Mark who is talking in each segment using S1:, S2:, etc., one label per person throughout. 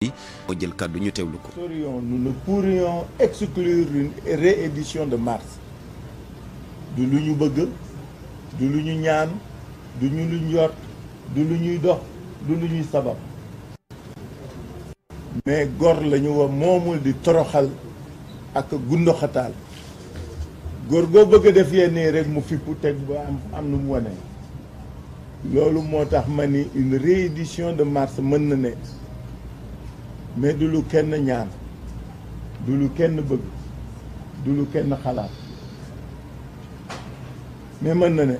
S1: jël ñu
S2: nous ne pourrions exclure une réédition de mars du lu ñu bëgg du lu de ñaan du ñu lu ñu du dox du sabab mais Gor le ñu wax de di toroxal ak gundoxataal Gor goo bëgg a def yenn rek mu fippu teg ba am nu wane. ni une réédition de mars mën ne. mais du lu kenn ñaan du lu kenn bëgg du lu kenn xalaat mais mën na ne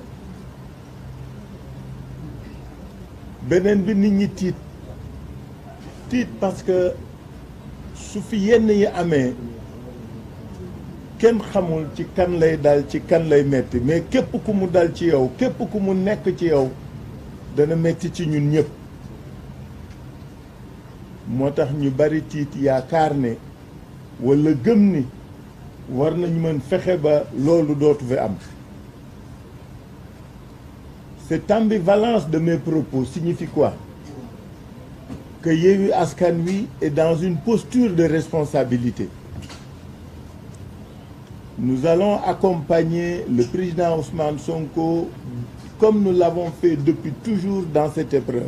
S2: beneen bi nit ñi tiit tiit parce que su fi yenn yi amee kenn xamul ci kan lay dal ci kan lay metti mais képp ku mu dal ci yow képp ku mu nekk ci yow dana metti ci ñun ñëpp cette ambivalence de mes propos signifie quoi que Yéhu Askan est dans une posture de responsabilité nous allons accompagner le président Ousmane Sonko comme nous l'avons fait depuis toujours dans cette épreuve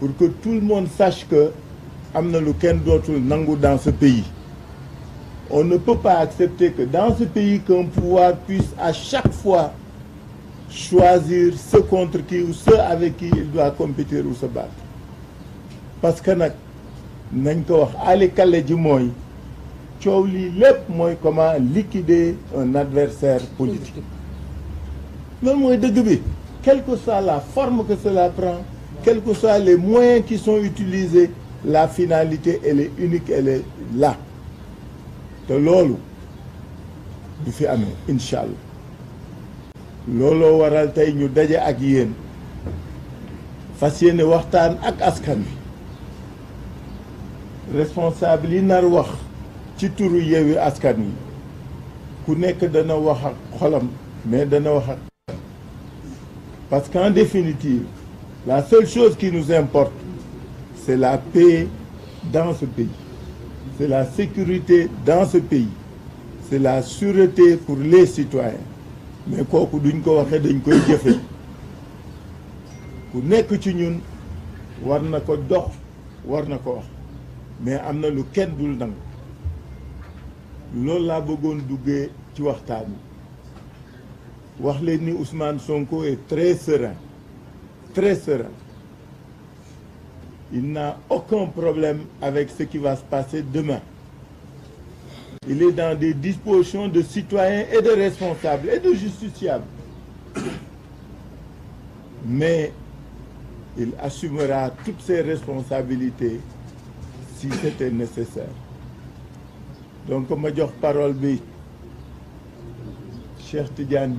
S2: pour que tout le monde sache que dans ce pays on ne peut pas accepter que dans ce pays qu'un pouvoir puisse à chaque fois choisir ce contre qui ou ce avec qui il doit compétir ou se battre parce que a ko wax ali ji comment liquider un adversaire politique Mais quelle que soit la forme que cela prend quels que soient les moyens qui sont utilisés, la finalité, elle est unique, elle est là. De lolo, du fi amen. Inch'Allah. Lolo waral tay ñu dajé ak yeen fas waxtaan ak askan responsable yi nar wax ci turu yewi Askan ku nekk dana wax ak xolam mais dana wax parce qu'en définitive la seule chose qui nous importe, c'est la paix dans ce pays. C'est la sécurité dans ce pays. C'est la sûreté pour les citoyens. mais quoi duñ ko waxee dañ koy jëfe ku nekk ci ñun war na ko dox war na ko wax mais amna lu kenn dul nang lool la bëggoon duggé ci waxtaan wax leen ni Ousmane Sonko est très serein très serein. Il n'a aucun problème avec ce qui va se passer demain. Il est dans des dispositions de citoyens et de responsables et de justiciables. Mais il assumera toutes ses responsabilités si c'était nécessaire. Donc, comme je parole, cher Tidiane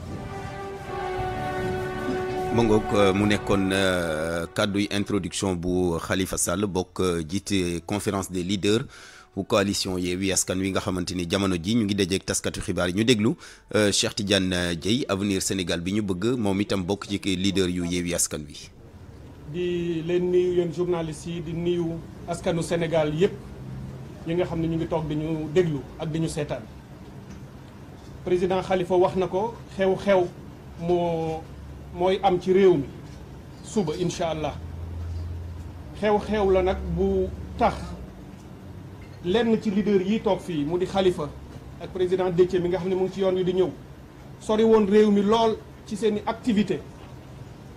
S1: mu ngoog euh, mu nekkoon euh, kàdduy introduction bu Khalifa Sall bokk euh, jiite conférence des leaders pour coalition yewi Askan Wi nga xamanteni jamono ji ñu ngi dajeeg taskatu xibaar ñu déglu Cheikh Tidiane djey avenir Sénégal bi ñu bëgg moom itam bokk ci leader yu yewi Askan Wi.
S3: di len nuyu yéen journalistes yi di nuyu askanu Sénégal yépp ñi nga xam ñu ngi tok di ñu déglu ak di ñu sétane président Khalifa wax nako, xew-xew mo Moy am ci réew mi suba inshallah allah xew-xew la nak bu tax lenn ci leader yi tok fi mu di ak président Déthié mi nga xamni mu ngi ci yoon wi di ñew sori won réew mi lool ci seen activité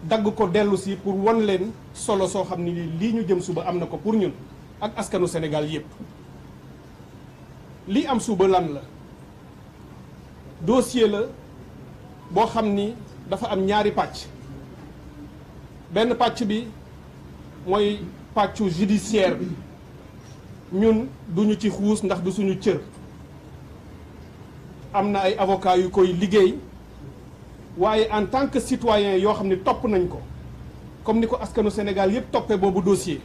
S3: dag ko delu si pour won len solo so xamni li ñu jëm suba amna ko pour ñun ak askanu Sénégal yépp li am suba lan la dossier la bo xamni dafa am ñaari patch ben patch bi moy judiciaire bi ñun duñu ci xous ndax du suñu avocat yu koy en tant que citoyen yo ne nañ comme nous askanu Sénégal yëpp topé bobu dossier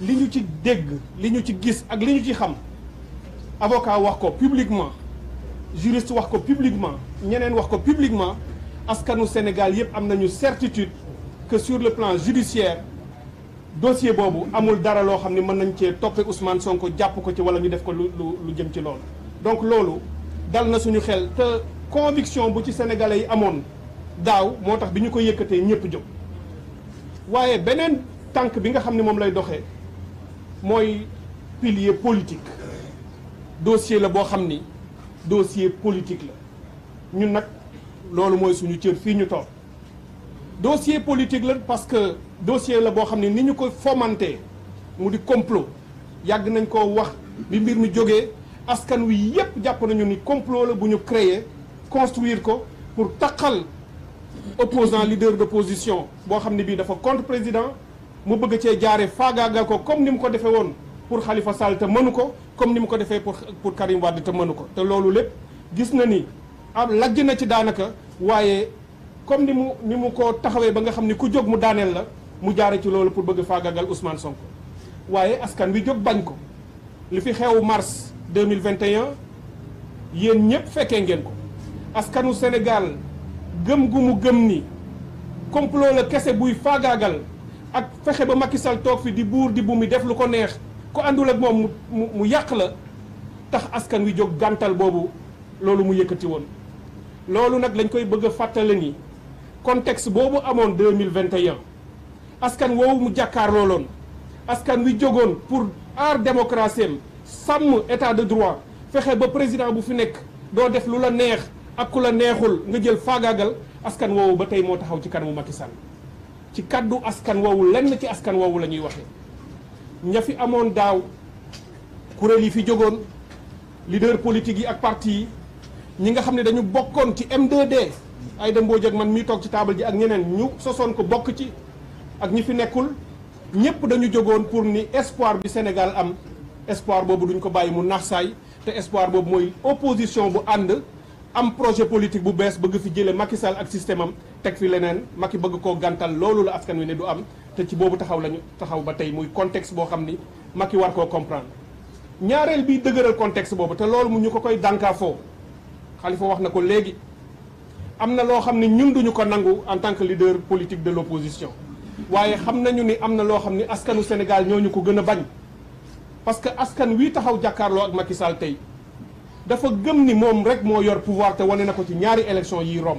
S3: liñu ci dégg liñu ci gis ak liñu ci xam avocat wax ko publiquement juriste wax ko publiquement ñeneen wax ko publiquement askanu Sénégal avons certitude que sur le plan judiciaire dossier Bobo, amul dara lo Ousmane Sonko ko ci wala ñu donc loolu conviction bu sénégalais yi amoon ko dit. ñëpp nous dit tank, bi nga pilier politique dossier le dossier politique Nous ñun loolu mooy suñu cër fii ñu toog dossier politique la parce que dossier la boo xam ne ni ñu koy fomanté mu di complot yàgg nañ ko wax bi mbir mi jógee askan wi yépp jàpp nañu ni complot la bu ñu créer construire ko pour taqal opposant leader d'opposition boo xam ne bii dafa contre président mu bëgg cee jaare faagaagal ko comme ni mu ko defee woon pour Khalifa Sall te mënu ko comme ni mu ko defee pour pour Karim Wade te mënu ko te loolu lépp gis na ni am lajj na ci daanaka waaye comme ni mu ni mu ko taxawee ba nga xam ni ku jóg mu daaneel la mu jaare ci loolu pour bëgg faagagal Ousmane Sonko waaye askan wi jóg bañ ko li fi xew mars 2021 yéen ñëpp fekkee ngeen ko askanu Sénégal gëm gu mu gëm ni complot la kese buy faagaagal ak fexe ba Macky Sall toog fi di buur di bu mu def lu ko neex ku àndul ak moom mu mu yàq la tax askan wi jóg gàntal boobu loolu mu yëkkati woon Lalu nak lañ koy bëgg fatale konteks ni contexte bobu amone 2021 askan woowu mu jakar lolon askan wi jogon pour ar démocratie sam état de droit fexé ba président bu fi nek do def lula neex ak kula neexul nga jël askan woowu ba tay mo taxaw ci kanamu Macky Sall ci kaddu askan woowu lenn ci askan woowu lañuy ñuy Nyafi ña fi amone daw yi fi jogon leader politique yi ak parti ñi nga xam ne dañu bokkoon ci m d ay dem boo jëg man mii toog ci taabal ji ak ñeneen ñu sosoon ko bokk ci ak ñi fi nekkul ñëpp dañu jógoon pour ni espoir bi Sénégal am espoir boobu duñ ko bàyyi mu naxsaay te espoir boobu mooy opposition bu ànd am projet politique bu bees bëgg fi jëlee Macky Sall ak système am teg fi leneen Macky bëgg koo gantal loolu la askan wi ne du am te ci boobu taxaw lañu taxaw ba tey muy contexte boo xam ni Macky war koo comprendre ñaareel bi dëgëral contexte boobu te loolu mu ñu ko koy dànkaafoo Khalifa wax na ko léegi am na loo xam ne ñun duñu ko nangu en tant que leader politique de l'opposition waaye xam nañu ni am na loo xam ni askanu Sénégal ñooñu ko gën a bañ parce que askan wii taxaw jàkkaarloo ak Macky Sall tey dafa gëm ni moom rek moo yor pouvoir te wane na ko ci ñaari élection yi romb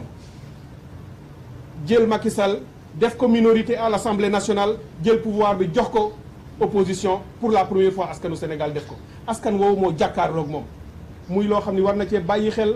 S3: jël Macky Sall def ko minorité à l'Assemblée nationale jël pouvoir bi jox ko opposition pour la première fois askanu Sénégal def ko askan woowu moo jàkkaarloog moom muy loo xam ni war na cee bàyyi xel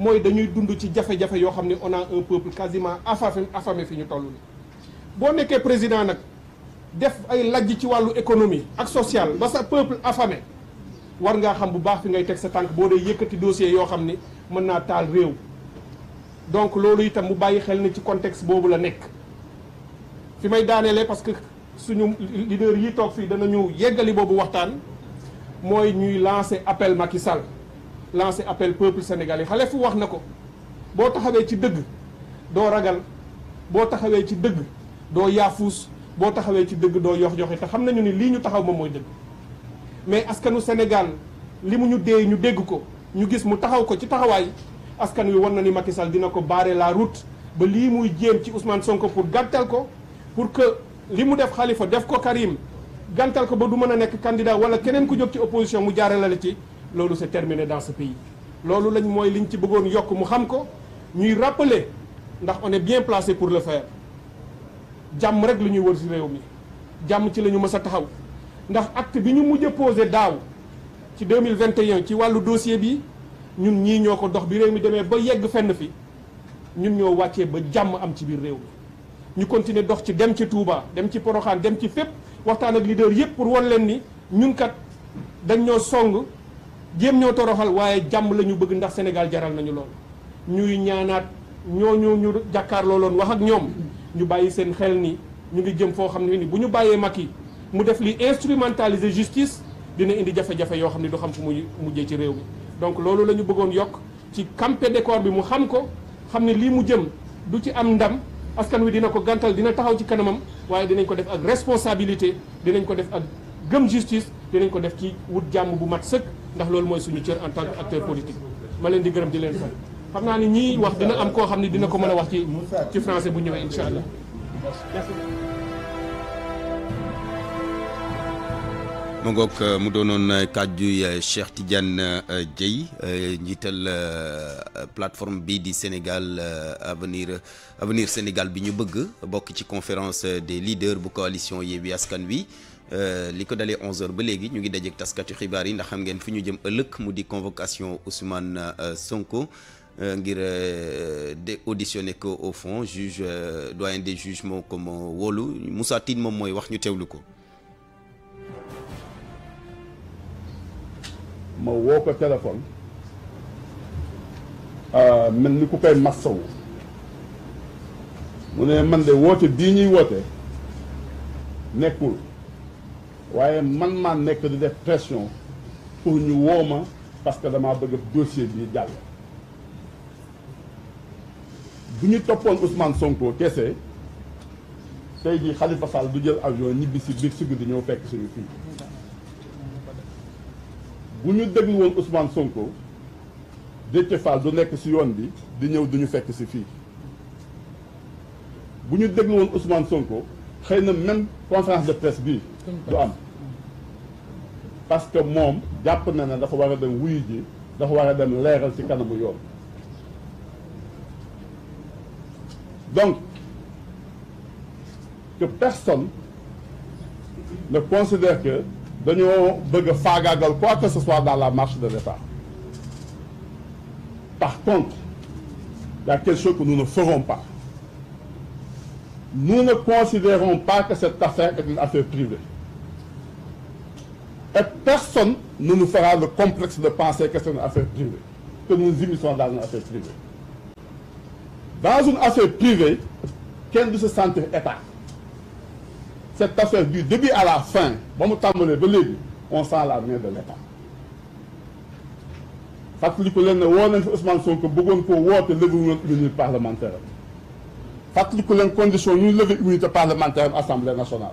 S3: moy dañuy dund ci jafé jafé yo xam on a un peuple quasiment affamé affamé fi ñu toll nii boo nekkee président nak def ay laj ci walu économie ak social ba sa peuple affamé war nga xam bu baax fi ngay teg sa tank bo dee yëkkati dossier yo xam ni mën naa taal réew donc lolu itam mu bayyi xel ni ci contexte bobu la nek fi may daaneele parce que suñu leader yi toog fii danañu yeggali bobu waxtaan moy ñuy lancer appel Macky Sall lancé appel peuple sénégalais xale fu wax na ko boo taxawee ci dëgg doo ragal boo taxawee ci dëgg doo yaafuus boo taxawee ci dëgg doo yox yoxe te xam nañu ni lii ñu taxaw moom mooy dëgg mais askanu Sénégal li mu ñu dee ñu dégg ko ñu gis mu taxaw ko ci taxawaay askan wi war na ni Macky Sall dina ko barrer la route ba lii muy jéem ci Ousmane Sonko pour gàttal ko pour que li mu def Khalifa def ko Karim gàntal ko ba du mën a nekk candidat wala keneen ku jot ci opposition mu jaarale la ci lolu c'est terminé dans ce pays lolu lañ moy liñ ci bëggoon yok mu xam ko ñuy rappeler ndax on est bien placé pour le faire Jam rek lu wër ci réew mi jàmm ci lañu mësa taxaw ndax acte bi ñu mujj a posé ci 2021 ci walu dossier bi ñun ñi ñoko dox bi réew mi demee ba yegg fenn fi ñun ñoo wàccee ba jàmm am ci biir réew mi ñu continuer dox ci dem ci Touba dem ci Porokhane dem ci fep waxtaan ak leader yépp pour won leen ni ñun kat dañ ñoo song jéem ñoo toroxal waaye jàmm la ñu bëgg ndax Sénégal jaral nañu lool ñuy ñaanaat ñooñu ñu jàkkaarloo loon wax ak ñoom ñu bàyyi seen xel ni ñu ngi jëm foo xam ne ni bu ñu bàyyee yi mu def li instrumentaliser justice dina indi jafe-jafe yoo xam ne du xam fu mu mujjee ci réew mi donc loolu la ñu bëggoon yokk ci campé décor bi mu xam ko xam ne lii mu jëm du ci am ndam askan wi dina ko gàntal dina taxaw ci kanamam waaye dinañ ko def ak responsabilité dinañ ko def ak gëm justice dinañ ko def ci wut jàmm bu mat sëkk ndax loolu mooy suñu cër en tant que acteur politique ma di gërëm di ni français bu mu
S1: Cheikh plateforme bii di Sénégal euh, avenir avenir Sénégal bi ñu bëgg ci conférence euh, des leaders bu coalition Yébi Askan Wi euh, li ko dalee 11h ba légui ñu ngi dajeek taskatu xibaar yi ndax xam ngeen fi ñu jëm ëlëk mu di convocation Ousmane euh, Sonko euh, ngir de ko au fond juge doyen des jugements comme ko Moussa Tine moom mooy wax ñu teewlu ko.
S4: ma woo ko téléphone mel ni ku koy massawu mu ne man de woote bii ñuy woote nekkul waaye man maa nek di def pression pour ñu woma parce que dama bëgg dossier bi jall bu ñu toppoon Ousmane Sonko kese tey jii Khalifa Sall du jël avion ñibbi si biir si guddi ñëw fekk suñu fii bu ñu déglu woon Ousmane Sonko Déthié Fall du nekk si yoon bi di ñëw duñu fekk si fii bu ñu déglu woon Ousmane Sonko xëy na même conférence de presse bii parce que mon jàpp na ne de war a dem wuyu ji c'est war a dem donc que personne ne considère que nous nous faire quoi que ce soit dans la marche de l'État par contre il y a quelque chose que nous ne ferons pas nous ne considérons pas que cette affaire est une affaire privée et personne ne nous fera le complexe de penser que c'est une affaire privée, que nous immiscions dans une affaire privée. Dans une affaire privée, qu'elle que se sentir État. Cette affaire du début à la fin, on sent la main de l'État. fàttali que que ne Ousmane Sonko bëggoon koo woote lever woon parlementaire fàttali que condition lever parlementaire assemblée nationale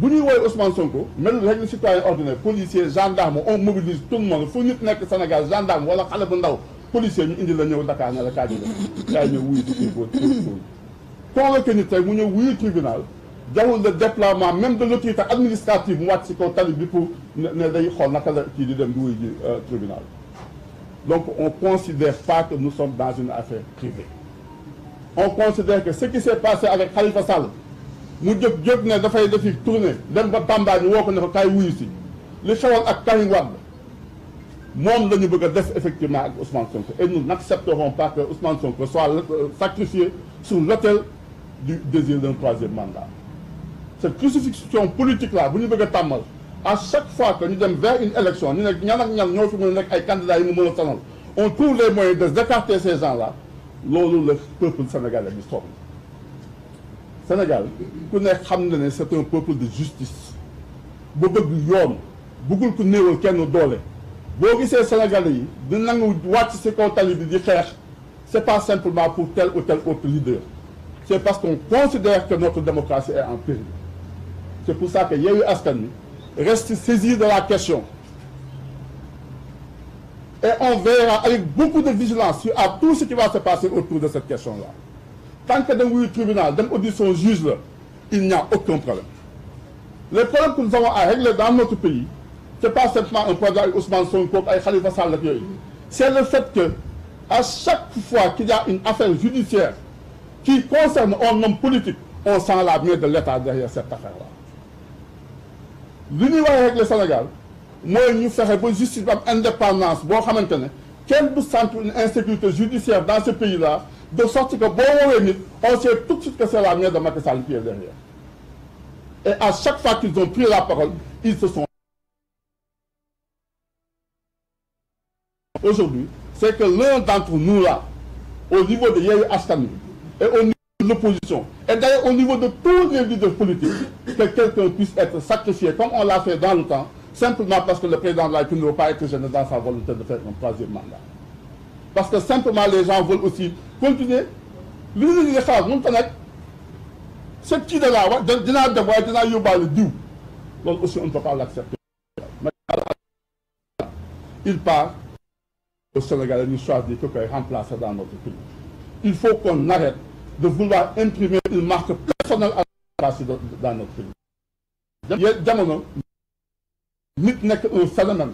S4: Si ñuy Ousmane Sonko citoyen policiers, on mobilise tout le monde Sénégal gendarme la Dakar tribunal le déploiement même de l'autorité administrative pour ne euh, tribunal donc on considère pas que nous sommes dans une affaire privée on considère que ce qui s'est passé avec Khalifa Sall mu devons jóg ne dafay defi tournée dem ba Tamba ñu woo ko ne ko kaay wuyu si li xewoon ak Karim Wade mom lañu bëgg def effectivement ak Ousmane Sonko et nous n'accepterons pas que Ousmane Sonko soit euh, sacrifié sur l'hôtel du désir d'un troisième mandat cette crucifixion politique là bu ñu bëgg tamal à chaque fois que nous dem vers une élection nous ne ñan ak ñan ñoo fi mën nek ay candidats yi mëna tanal on trouve les moyens de d'écarter ces gens là lolu le peuple sénégalais bi soxla Sénégal c'est un peuple de justice Si bëgg yoon bëggul gens néewal kenn doole boo gisee Sénégalais yi di nangu wàcc ci ce c'est pas simplement pour tel ou tel autre leader c'est parce qu'on considère que notre démocratie est en péril c'est pour ça que Yewwi Askan reste saisi de la question et on verra avec beaucoup de vigilance à tout ce qui va se passer autour de cette question-là tant que dans le tribunal, dans l'audition juge, il n'y a aucun problème. Le problème que nous avons à régler dans notre pays, ce n'est pas simplement un problème avec Ousmane Sonko, avec Khalifa Sall, c'est le fait que à chaque fois qu'il y a une affaire judiciaire qui concerne un homme politique, on sent la main de l'État derrière cette affaire-là. L'Union avec le Sénégal, nous, nous ferons pour justice indépendance, bon, quelle est une insécurité judiciaire dans ce pays-là, de sorte que bon, on sait tout de suite que c'est la mère de Macky Sall derrière. Et à chaque fois qu'ils ont pris la parole, ils se sont... Aujourd'hui, c'est que l'un d'entre nous là, au niveau de Yéry Astani, et au niveau de l'opposition, et d'ailleurs au niveau de tous les leaders politiques, que quelqu'un puisse être sacrifié, comme on l'a fait dans le temps, simplement parce que le président de la République ne veut pas être gêné dans sa volonté de faire un troisième mandat parce que simplement les gens veulent aussi continuer li choses, liggéey ne mënut ce qui de là de dinaa def de dinaa le diw Donc aussi on ne peut pas l'accepter il part au Sénégal ñu choisir que koy remplacer dans notre pays il faut qu'on arrête de vouloir imprimer une marque personnelle à dans notre pays jamono nit nekk un phénomène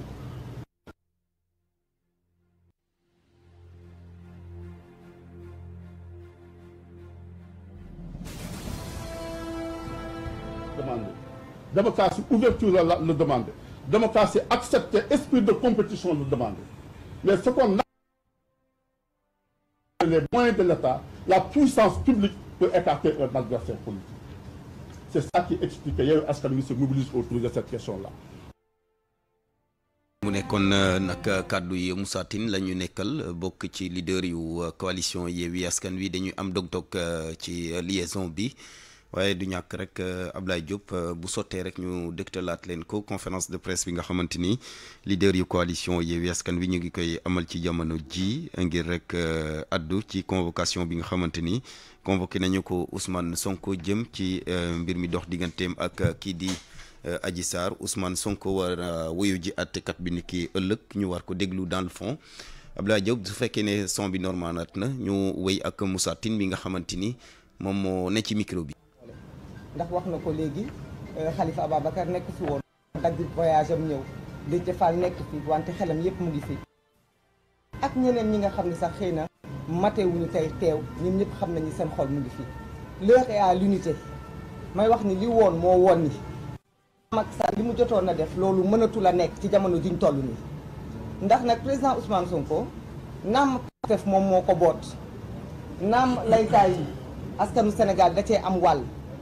S4: démocratie ouverture la, le demander. Démocratie accepter, esprit de compétition le demande. Mais ce qu'on a les moyens de l'État, la puissance publique peut écarter un adversaire politique. C'est ça qui explique que Askanoui se mobilise autour de cette question-là.
S1: mu nekkoon euh, nag euh, kàddu yi Moussa Tine la nekkal euh, bok ci leader yu coalition Yewwi Askan Wi dañuy am dog-dog ci liaison bi waaye du ñak rek euh, Ablaye Diop euh, bu soté rek ñu dégtalaat len ko conférence de presse bi nga xamanteni leader yu coalition yewes kan Wi ñu ngi koy amal ci jamono ji ngir rek euh, addu ci convocation bi nga xamanteni convoqué nañu ko Ousmane Sonko jëm ci mbir mi dox digantem ak ki di. Adji Sarr Ousmane Sonko war a wuyu ji àttekat bi ni ki euleuk ñu war ko déglu dans le fond Abdoulaye Diop su fekkee ne son bi normal na ñu wéy ak Moussa Tine bi nga xamanteni mom mo ne ci micro bi.
S5: ndax wax na ko léegi euh, Khalifa Ababacar nekk fi woon dagg voyage am ñëw Déthié Fall nekk fi wante xelam yépp mu ngi fi ak ñeneen ñi nga xam ne sax xëy na matewuñu tey teew ñun ñëpp xam nañu seen xol mu ngi fi l'heure est à l'unité may wax ni li woon moo woon ni Macky Sall li mu jotoon a def loolu mënatul a nekk ci jamono jiñ toll nii ndax nag président Ousmane Sonko naam Pastef moom moo ko boot naam laytaay askanu Sénégal da cee am wàll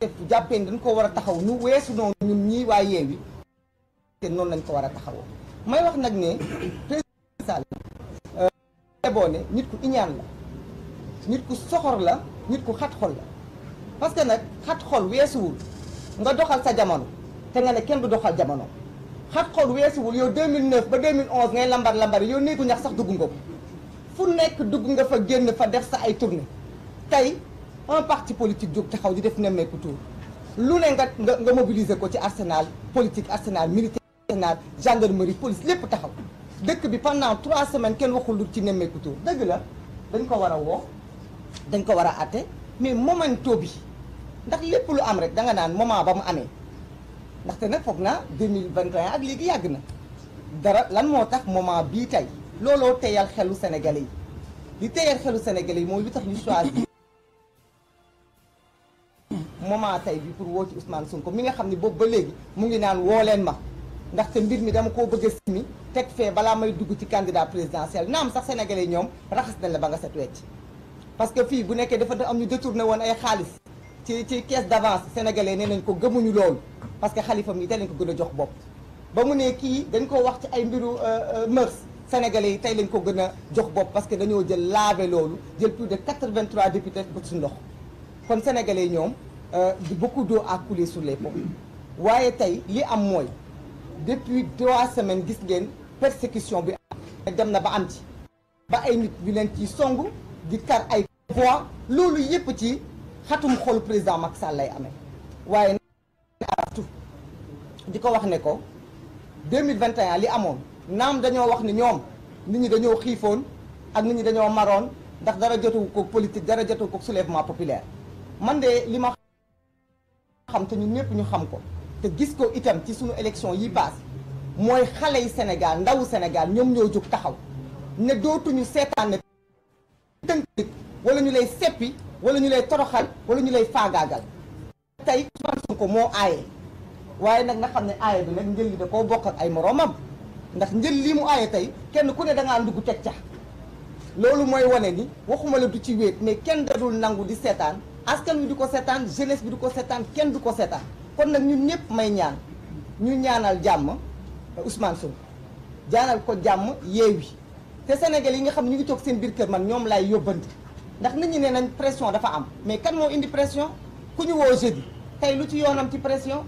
S5: bu jàppee ni dañ ko war a taxaw ñu weesu noonu ñun ñi waa yi te noonu lañ ko war a taxawoo may wax nag ne président Sall euh, boo ne nit ku iñaan la nit ku soxor la nit ku xat xol la parce que nag xat xol weesuwul nga doxal sa jamono te nga ne kenn du doxal jamono xat xol weesuwul yow 2009 ba 2011 ngay lambar lambar yow néegu ñax sax dugg nga ko fu nekk dugg nga fa génn fa def sa ay tournée tey un parti politique jóg taxaw di def nemmeeku tuur lu ne nga nga nga mobiliser ko ci arsenal politique arsenal militaire arsenal gendarmerie police lépp taxaw dëkk bi pendant trois semaines kenn waxul lu ci nemmeeku tuur dëgg la dañ ko war a woo dañ ko war a atte mais momento bi ndax lépp lu am rek da nga naan moment ba mu amee ndaxte nag foog naa 2021 ak léegi yàgg na dara lan moo tax moment bii tey looloo teyal xelu Sénégalais yi li teyal xelu Sénégalais yi mooy lu tax ñu moment tay bi pour wo ci Ousmane Sonko mi nga xamni ne ba léegi mu ngi naan woo leen ma ndaxte mbir mi dama ko bëgg a simi teg fee balaa may dugg ci candidat présidentiel nam sax sénégalais ñom raxas nañ la ba nga set wecc parce que fi bu nekké dafa am ñu détourné won ay xaalis ci ci caisse d'avance sénégalais né nañ ko gëmuñu lool parce que khalifa mi té lañ ko gëna jox bop ba mu né ki dañ ko wax ci ay mbiru euh, euh, meurs sénégalais tay lañ ko gëna jox bop parce que dañoo jël laver loolu jël plus de 83 députés ba suñ ndox kon sénégalais ñom euh, beaucoup d'eau a coulé sur les ponts waaye tey li am mooy depuis trois semaines gis ngeen persécution bi am dem na ba am ci ba ay nit ñu leen ciy song di kar ay voix loolu yëpp ci xatum xol président Macky Sall lay amee waaye araftu di ko wax ne ko 2021 li amoon naam dañoo wax ni ñoom nit ñi dañoo xiifoon ak nit ñi dañoo maroon ndax dara jotu ko politique dara jotu ko soulèvement populaire man de li ma xam te ñu ñëpp ñu xam ko te gis ko itam ci suñu élection yi paas mooy xale yi Sénégal ndawu Sénégal ñoom ñoo jóg taxaw ne dootuñu seetaan ne tënk wala ñu lay seppi wala ñu lay toroxal wala ñu lay faagaagal tey Ousmane Sonko moo aaye waaye nag nga xam ne aaye bi nag njël li da koo bokkal ay moroomam ndax njël lii mu aaye tey kenn ku ne da ngaa ndugg teg ca loolu mooy wane ni waxuma la du ci wéet mais kenn dadul nangu di seetaan askan wi du ko seetaan jeunesse bi di ko seetaan kenn du ko seetaan kon nag ñun ñëpp may ñaan ñu ñaanal jàmm eh, Ousmane Sonko jaanal ko jàmm Yewwi te Sénégal yi nga xam ñu ngi toog seen biir kër man ñoom laay yóbbante ndax nit ñi ne nañ pression dafa am mais kan moo indi pression ku ñu woo jeudi tey lu ci yoonam ci pression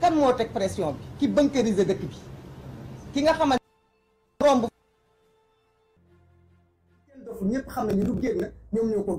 S5: kan moo teg pression bi ki bunkériser dëkk bi ki nga xamante romb kenn doful ñëpp xam nañu lu génn ñoom ñoo ko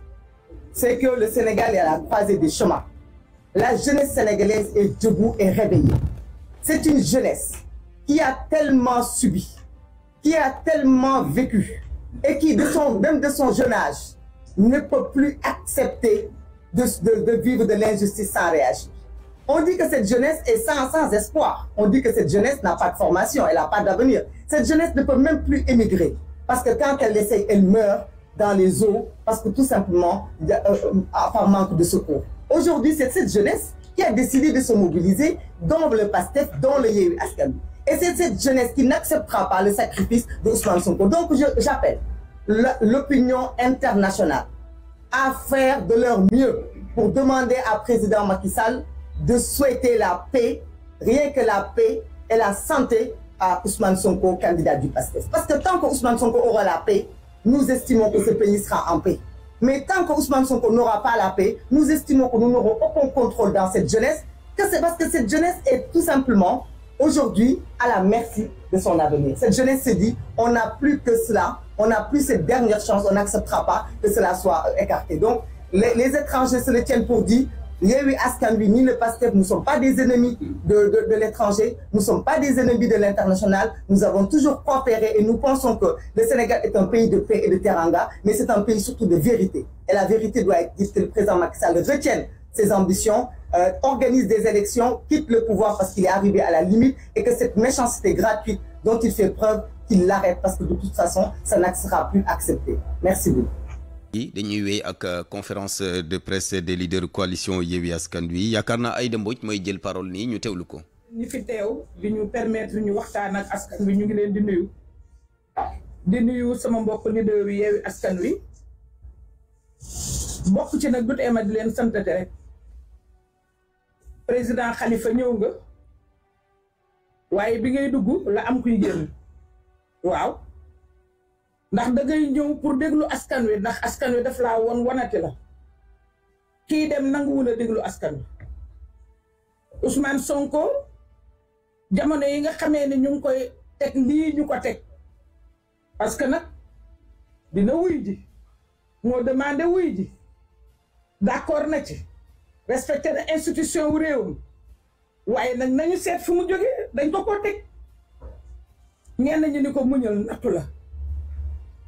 S5: c'est que le Sénégal est à la croisée des chemins. La jeunesse sénégalaise est debout et réveillée. C'est une jeunesse qui a tellement subi, qui a tellement vécu et qui, de même de son jeune âge, ne peut plus accepter de, vivre de l'injustice sans réagir. On dit que cette jeunesse est sans, espoir. On dit que cette jeunesse n'a pas de formation, elle n'a pas d'avenir. Cette jeunesse ne peut même plus émigrer parce que quand elle essaie, elle meurt dans les eaux parce que tout simplement, il a, euh, euh, enfin, manque de secours. Aujourd'hui, c'est cette jeunesse qui a décidé de se mobiliser dans le PASTEF, dans le Yéhu Askami. Et c'est cette jeunesse qui n'acceptera pas le sacrifice d'Ousmane Sonko. Donc, j'appelle l'opinion internationale à faire de leur mieux pour demander à président Macky Sall de souhaiter la paix, rien que la paix et la santé à Ousmane Sonko, candidat du PASTEF. Parce que tant que Ousmane Sonko aura la paix, nous estimons que ce pays sera en paix. Mais tant que Ousmane Sonko n'aura pas la paix, nous estimons que nous n'aurons aucun contrôle dans cette jeunesse, que c'est parce que cette jeunesse est tout simplement aujourd'hui à la merci de son avenir. Cette jeunesse se dit, on n'a plus que cela, on n'a plus cette dernière chance, on n'acceptera pas que cela soit écarté. Donc, les, les étrangers se le tiennent pour dit, Yewi Askambi ni le nous ne sont pas des ennemis de, l'étranger, nous ne sommes pas des ennemis de l'international. Nous avons toujours coopéré et nous pensons que le Sénégal est un pays de paix et de teranga, mais c'est un pays surtout de vérité. Et la vérité doit être dite que le président Macky Sall retienne ses ambitions, euh, organise des élections, quitte le pouvoir parce qu'il est arrivé à la limite et que cette méchanceté gratuite dont il fait preuve, qu'il l'arrête parce que de toute façon, ça sera plus accepté. Merci beaucoup
S1: dañuy wéy ak euh, conférence euh, de presse des leaders coalition Yewi Askan Wi yakarna jël parole Nous ñu tewlu ko.
S6: fi permettre ñu waxtaan ak askan ñu ngi di nuyu. di leader Yewi Askan Wi. ci di président Khalifa nga. la am kuy ndax dangay ñëw pour déglu askan wi ndax askan wi daf laa won wanati la kii dem nanguwul a déglu askan wi Ousmane Sonko jamono yi nga xamee ni ñu ngi koy teg lii ñu ko teg parce que nag dina wuy ji moo demandé wuy ji d'accord na ci respecté na institution wu réew mi waaye nag nañu seet fu mu jógee dañ ko ko teg ñenn ñu ni ko muñal nattu la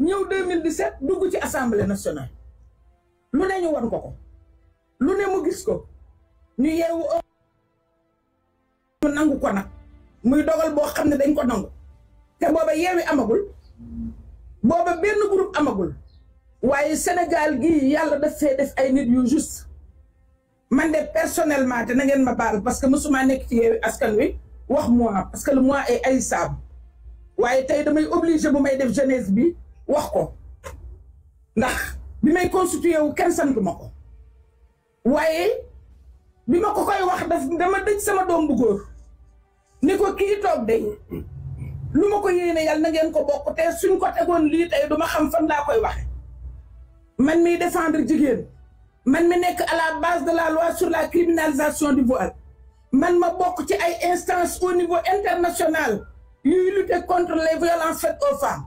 S6: ñew 2017 duggu ci assemblée nationale lu ne ñu wan ko ko lu ne mu gis ko ñu yeewu nangu ko nag muy dogal bo xam ne dañ ko nangu te booba yeewi amagul booba benn groupe amagul waaye Sénégal gi yalla daf fee def ay nit yu juste man de personnellement te na ngeen ma baal parce que mësuma nekk ci yeewi askan wi wax moi parce que le moi est haïssable waaye tay damay obligé bu may def jeunesse bi je constitué aucun suis ko dama sama bu ko ko suñ ko xam fan koy waxe man défendre man mi à la base de la loi sur la criminalisation du voile man ma ci instances au niveau international yuy lutter contre les violences faites aux femmes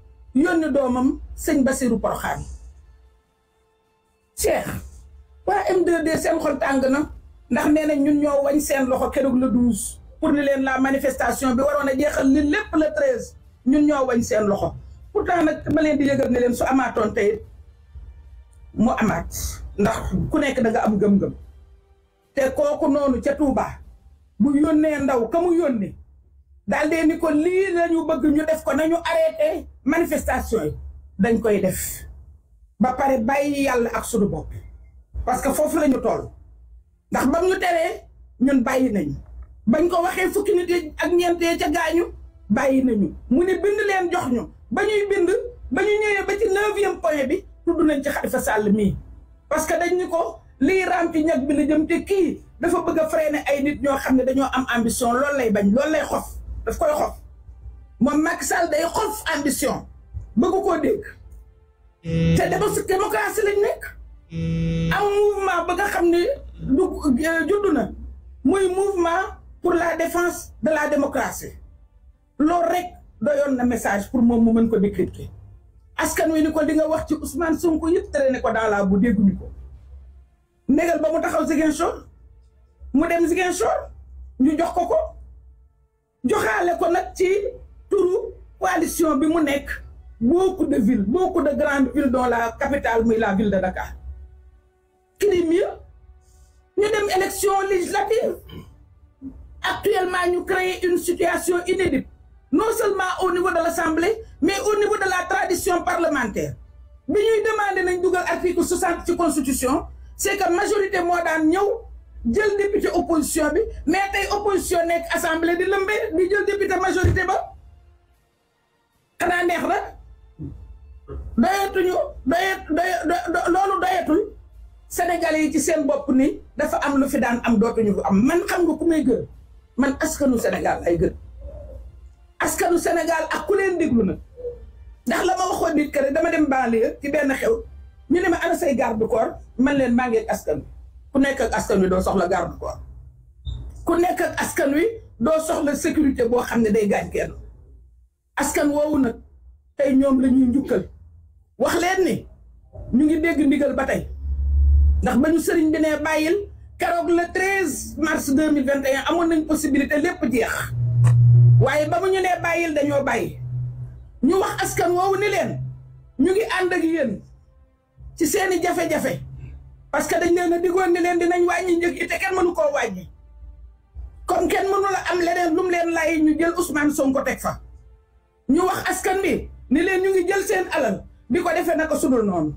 S6: yónni domam seigne bassirou Poroxaan Cheikh wa M2D seen xol tàng na ndax nena ñun ñoo wañ sen loxo keroog le 12 pour ni len la manifestation bi warona jéxal jeexal li le 13 ñun ñoo wañ sen loxo pourtant nak ma len di yëgal ni len su amaatoon tey mu amat ndax ku nekk da nga am gëm-gëm te koku nonu ci Touba mu yónnee ndaw kamu mu yónni daal ni ko li lañu bëgg ñu def ko nañu arrêter manifestation dañ koy def ba pare bàyyi yalla ak suñu bop parce que fofu lañu toll ndax bam ñu teree ñun bàyyi nañu bañ ko waxé fukki nit ak ñenté ca gañu bàyyi nañu mu ne bind leen jox ñu ba bind bañu ñëwé ba ci 9e point bi tuddu nañ ci Khalifa Sall mii parce que dañ ni ko li raam ci ñag bi la dem te ki dafa bëgg freiner ay nit ñoo xam dañoo am ambition lool lay bañ lool lay xof daf koy xof moom Macky Sall day xof ambition bëgg koo dégg te dama si démocratie lañ nekk am mouvement ba nga xam du euh, judduna na muy mouvement pour la défense de la démocratie loolu rek doyoon na message pour moom mu mën ko décrypter askan wi ni ko di nga wax ci Ousmane Sonko yëpp tere ne ko dans la bu ni ko négal ba mu taxaw Ziguinchor mu dem Ziguinchor ñu jox ko ko joxale ko nak ci Tourou, coalition bi beaucoup de villes beaucoup de grandes villes dont la capitale la ville de Dakar qui est mieux avons dem élection législative actuellement nous créons une situation inédite non seulement au niveau de l'Assemblée mais au niveau de la tradition parlementaire bi nous demandons nañ l'article article de la constitution c'est que la majorité moderne daan ñëw jël député opposition mais tey opposition assemblée di lëmbee di la majorité xanaa neex na doyetuñu doyet loolu doyetul Sénégal yi ci seen bopp ni dafa am lu fi daan am dootuñu ko am man xam nga ku may gën man askanu Sénégal ay gën askanu Sénégal ak ku leen déglu nak ndax la ma waxoon nit kër dama dem banlieue ci benn xew ñu ne ma ana say garde corps man leen maa ngi askan ku nekk ak askan wi doo soxla garde corps ku nekk ak askan wi doo soxla sécurité boo xam ne day gaañ kenn askan woowu nak tay ñom lañuy ñukkal wax leen ni ñu ngi dégg ndigal batay ndax mañu sëriñ bi né bayil karok le 13 mars 2021 amon nañ possibilité lepp jeex waye ba mu ñu né bayil dañu bàyyi ñu wax askan woowu ni leen ñu ngi and ak yeen ci seeni jafé jafé parce que dañ leena digoon ni leen dinañ wañi njëg ité kenn mënu ko wañi kon kenn mënu la am leneen lum leen lay ñu jël Ousmane Sonko tek fa ñu wax askan bi ni leen ñu ngi jël seen alal di ko defee naka sudul noonu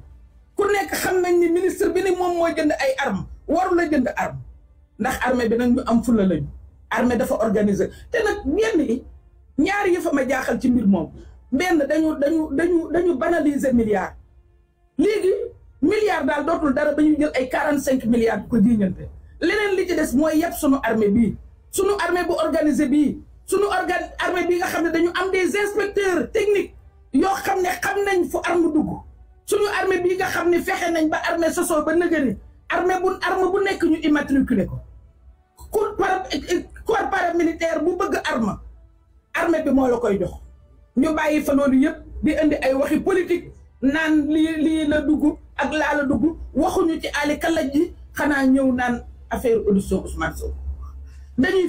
S6: ku nekk xam nañ ni ministre bi ni moom moo jënd ay arme waru la jënd arme ndax armée bi nag ñu am fulla lañu armée dafa organiser te nag ñenn yi ñaar yi fa ma jaaxal ci mbir moom benn dañu dañu dañu dañu banaliser milliard léegi milliard daal dootul dara ba ñu jël ay 45 milliards bu ko jiiñante leneen li ci des mooy yàpp sunu armée bii sunu armée bu organiser bii suñu organe armée bi nga dañu am des inspecteurs techniques yoo xam ne xam nañ fu arme dugg suñu armée bi nga xam ne nañ ba armée ba armée bu arme bu ñu immatriculé ko corps paramilitaire bu bëgg arme armée bi moo la koy jox ñu bàyyi fa ay waxi politique naan lii lii la dugg ak laa la dugg waxuñu ci armes ji affaire Ousmane Sow dañuy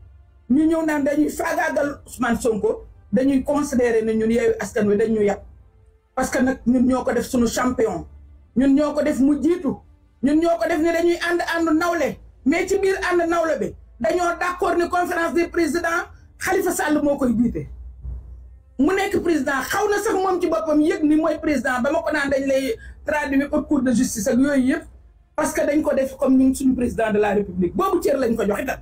S6: ñu ñëw naan dañuy faagaagal Ousmane Sonko dañuy considérer ne ñun Yewwi Askan Wi dañ ñu parce que nag ñun ñoo ko def suñu champion ñun ñoo ko def mu jiitu ñun ñoo ko def ne dañuy ànd ànd nawle mais ci biir ànd nawle bi dañoo d'accord ni conférence des présidents Khalifa Sall moo koy jiite mu nekk président xaw na sax moom ci boppam yëg ni mooy président ba ma ko naan dañ lay traduire haute cour de justice ak yooyu yëpp parce que dañ ko def comme ñun suñu président de la république boobu cër lañ ko jox itam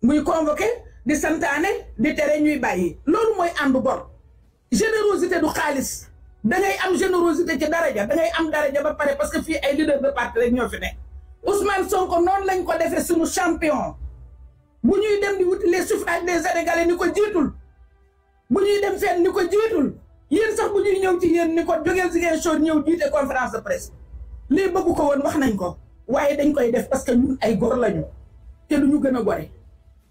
S6: muy convoqué di santaane di tere ñuy bàyyi loolu moy andu bor générosité du khalis da ngay am générosité ci daraja da ngay am daraja ba paré parce que fi ay leader de parti rek ñoo fi nekk Ousmane Sonko non lañ ko défé suñu champion bu ñuy dem di wut les suffrages des Sénégalais ni ko jiitul bu ñuy dem sen ni ko jiitul yéen sax bu ñuy ñëw ci yéen ni ko jógeel Ziguinchor ñëw jiite conférence de presse lii bëgg ko won wax nañ ko waaye dañ koy def parce que ñun ay gor lañu té du ñu gën a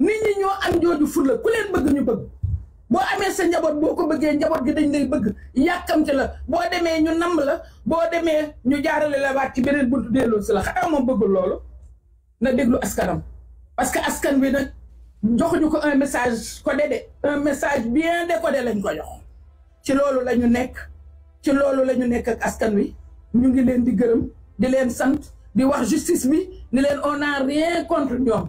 S6: Nous, ñoo am ku leen bëgg ñu bëgg sa boko gi dañ lay bëgg la bo démé ñu namb la bo démé ñu jaarale la waat ci buntu des gens la bëggul na déglu askanam parce que askan bi un message train de un message bien décodé lañ ko jox ci loolu la nekk ci la nekk ak askan wi ñu ngi leen di di leen justice ni leen on a rien contre nous.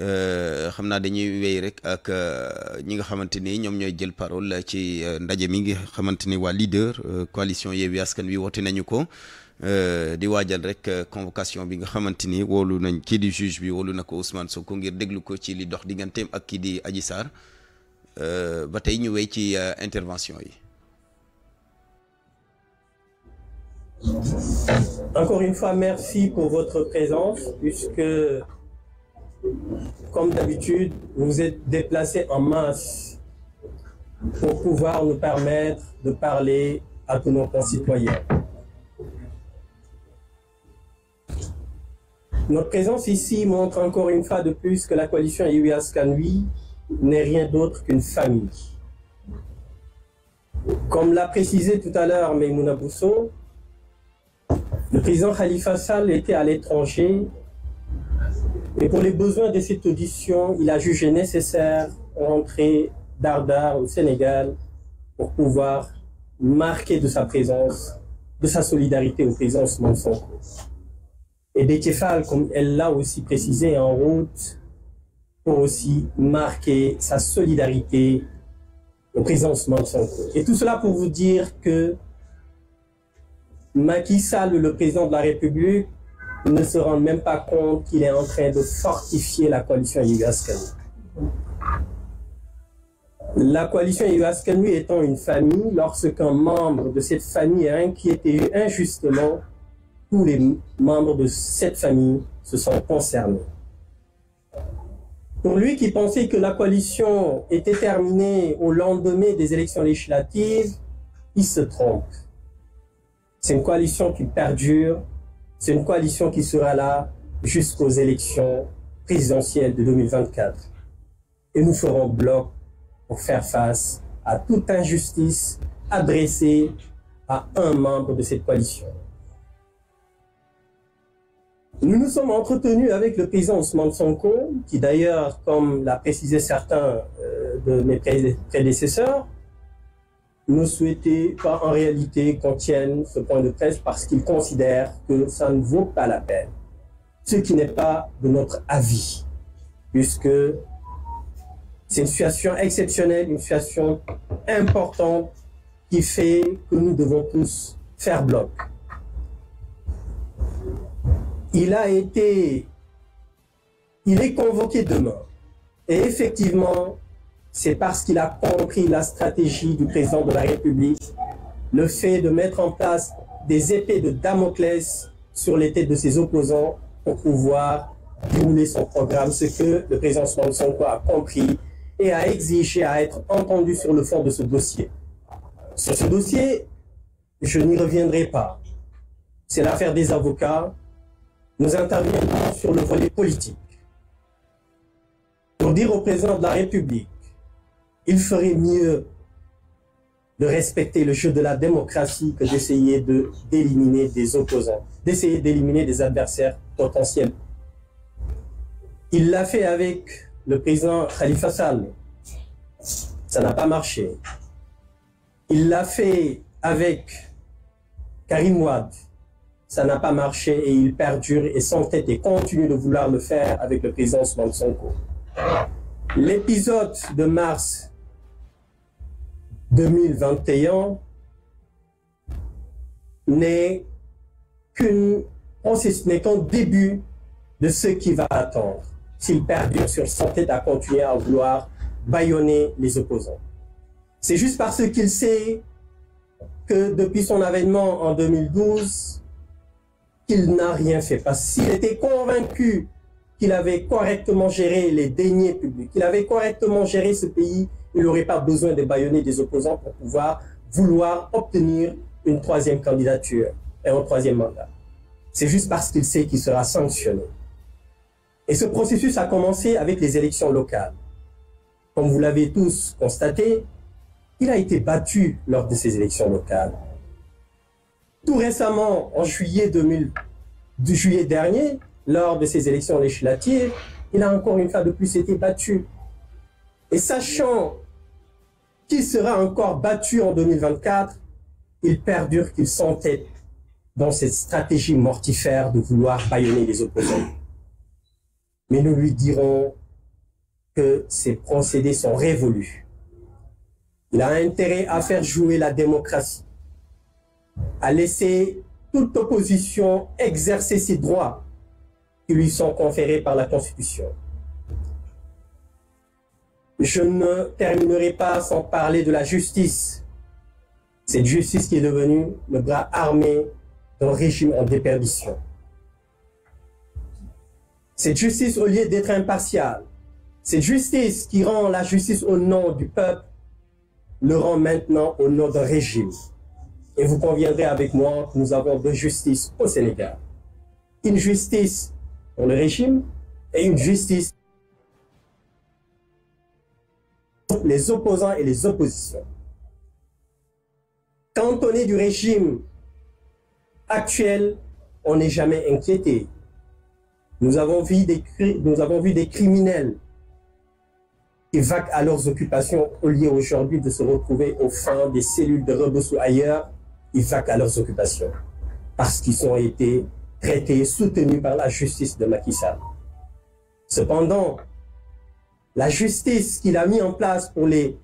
S1: Euh, xam dañuy wéy rek ak euh, ñi nga xamanteni ñom ñoy jël parole ci euh, ndaje mi nga xamanteni wa leader coalition Yewwi Askan Wi woté nañu ko di wajal rek convocation bi nga xamanteni wolu nañ kii di juge bi wolu nako Ousmane Sonko ngir déglu ko ci li dox digganteem ak ki di Adji Sarr ba ñu wéy ci intervention yi.
S7: Encore une fois, merci pour votre présence puisque. Comme d'habitude, vous êtes déplacés en masse pour pouvoir nous permettre de parler à tous nos concitoyens. Notre présence ici montre encore une fois de plus que la coalition IUAS n'est rien d'autre qu'une famille. Comme l'a précisé tout à l'heure Meymouna Bousso, le président Khalifa Sall était à l'étranger et pour les besoins de cette audition, il a jugé nécessaire rentrer d'Ardar au Sénégal pour pouvoir marquer de sa présence, de sa solidarité aux présences Ousmane Et Détiéfal, comme elle l'a aussi précisé, est en route pour aussi marquer sa solidarité aux présences Ousmane Et tout cela pour vous dire que Macky Sall, le président de la République, ne se rendent même pas compte qu'il est en train de fortifier la coalition Yugaskanu. La coalition lui, étant une famille, lorsqu'un membre de cette famille est inquiété injustement, tous les membres de cette famille se sont concernés. Pour lui qui pensait que la coalition était terminée au lendemain des élections législatives, il se trompe. C'est une coalition qui perdure c'est une coalition qui sera là jusqu'aux élections présidentielles de 2024. Et nous ferons bloc pour faire face à toute injustice adressée à un membre de cette coalition. Nous nous sommes entretenus avec le président Ousmane Sonko, qui d'ailleurs, comme l'a précisé certains euh, de mes prédécesseurs, ne souhaitait pas en réalité qu'on tienne ce point de presse parce qu'ils considèrent que ça ne vaut pas la peine. Ce qui n'est pas de notre avis, puisque c'est une situation exceptionnelle, une situation importante qui fait que nous devons tous faire bloc. Il a été, il est convoqué demain. Et effectivement, c'est parce qu'il a compris la stratégie du président de la République, le fait de mettre en place des épées de Damoclès sur les têtes de ses opposants pour pouvoir dérouler son programme, ce que le président Sonko a compris et a exigé à être entendu sur le fond de ce dossier. Sur ce dossier, je n'y reviendrai pas. C'est l'affaire des avocats. Nous interviendrons sur le volet politique. Pour dire au président de la République il ferait mieux de respecter le jeu de la démocratie que d'essayer de, d'éliminer des opposants, d'essayer d'éliminer des adversaires potentiels. Il l'a fait avec le président Khalifa Sall. Ça n'a pas marché. Il l'a fait avec Karim Ouad. Ça n'a pas marché et il perdure et s'entête et continue de vouloir le faire avec le président Sonko. L'épisode de mars 2021 n'est qu'un début de ce qui va attendre s'il perdure sur son tête à continuer à vouloir bâillonner les opposants. C'est juste parce qu'il sait que depuis son avènement en 2012, qu'il n'a rien fait. Parce qu'il était convaincu qu'il avait correctement géré les deniers publics, qu'il avait correctement géré ce pays, il n'aurait pas besoin de baïonner des opposants pour pouvoir vouloir obtenir une troisième candidature et un troisième mandat. C'est juste parce qu'il sait qu'il sera sanctionné. Et ce processus a commencé avec les élections locales. Comme vous l'avez tous constaté, il a été battu lors de ces élections locales. Tout récemment, en juillet juillet dernier, lors de ces élections législatives, il a encore une fois de plus été battu et sachant qu'il sera encore battu en 2024, il perdure qu'il s'entête dans cette stratégie mortifère de vouloir bâillonner les opposants. Mais nous lui dirons que ces procédés sont révolus. Il a intérêt à faire jouer la démocratie, à laisser toute opposition exercer ses droits qui lui sont conférés par la Constitution je ne terminerai pas sans parler de la justice. Cette justice qui est devenue le bras armé d'un régime en déperdition. Cette justice, au lieu d'être impartiale, cette justice qui rend la justice au nom du peuple, le rend maintenant au nom d'un régime. Et vous conviendrez avec moi que nous avons deux justice au Sénégal. Une justice pour le régime et une justice les opposants et les oppositions. Quand on est du régime actuel, on n'est jamais inquiété. Nous avons vu des, nous avons vu des criminels qui vaquent à leurs occupations au lieu aujourd'hui de se retrouver au fond des cellules de rebus ou ailleurs, ils vaquent à leurs occupations parce qu'ils ont été traités, soutenus par la justice de Macky Cependant, la justice qu'il a mis en place pour les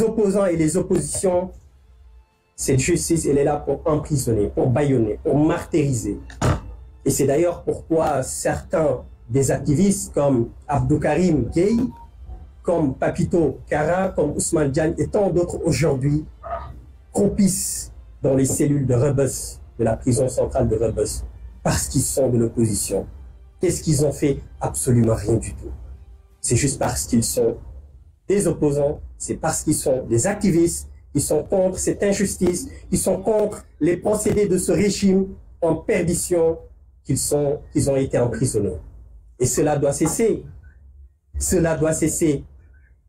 S7: opposants et les oppositions, cette justice, elle est là pour emprisonner, pour baïonner, pour martyriser. Et c'est d'ailleurs pourquoi certains des activistes comme Abdou Karim Gay, comme Papito Kara, comme Ousmane Diagne et tant d'autres aujourd'hui croupissent dans les cellules de Rebus, de la prison centrale de Rebus, parce qu'ils sont de l'opposition. Qu'est-ce qu'ils ont fait Absolument rien du tout c'est juste parce qu'ils sont des opposants, c'est parce qu'ils sont des activistes, ils sont contre cette injustice, ils sont contre les procédés de ce régime en perdition qu'ils sont, ont été emprisonnés. Et cela doit cesser. Cela doit cesser.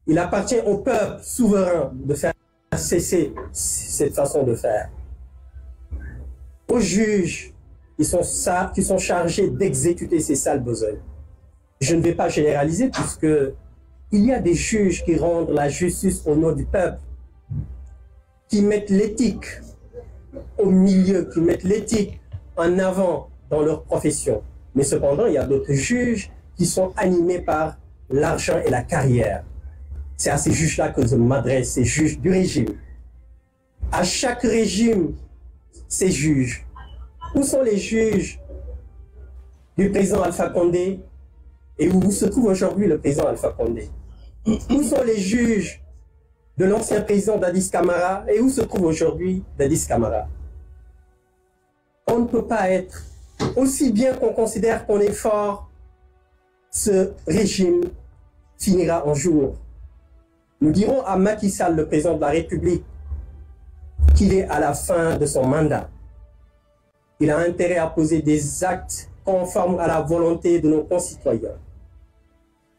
S7: Il appartient au peuple souverain de faire cesser cette façon de faire. Aux juges ils sont, qui sont chargés d'exécuter ces sales besognes. Je ne vais pas généraliser puisque il y a des juges qui rendent la justice au nom du peuple, qui mettent l'éthique au milieu, qui mettent l'éthique en avant dans leur profession. Mais cependant, il y a d'autres juges qui sont animés par l'argent et la carrière. C'est à ces juges-là que je m'adresse, ces juges du régime. À chaque régime, ces juges. Où sont les juges du président Alpha Condé et où se trouve aujourd'hui le président Alpha Condé Où sont les juges de l'ancien président Dadis Camara et où se trouve aujourd'hui Dadis Camara On ne peut pas être, aussi bien qu'on considère qu'on est fort, ce régime finira un jour. Nous dirons à Macky Sall, le président de la République, qu'il est à la fin de son mandat. Il a intérêt à poser des actes conformes à la volonté de nos concitoyens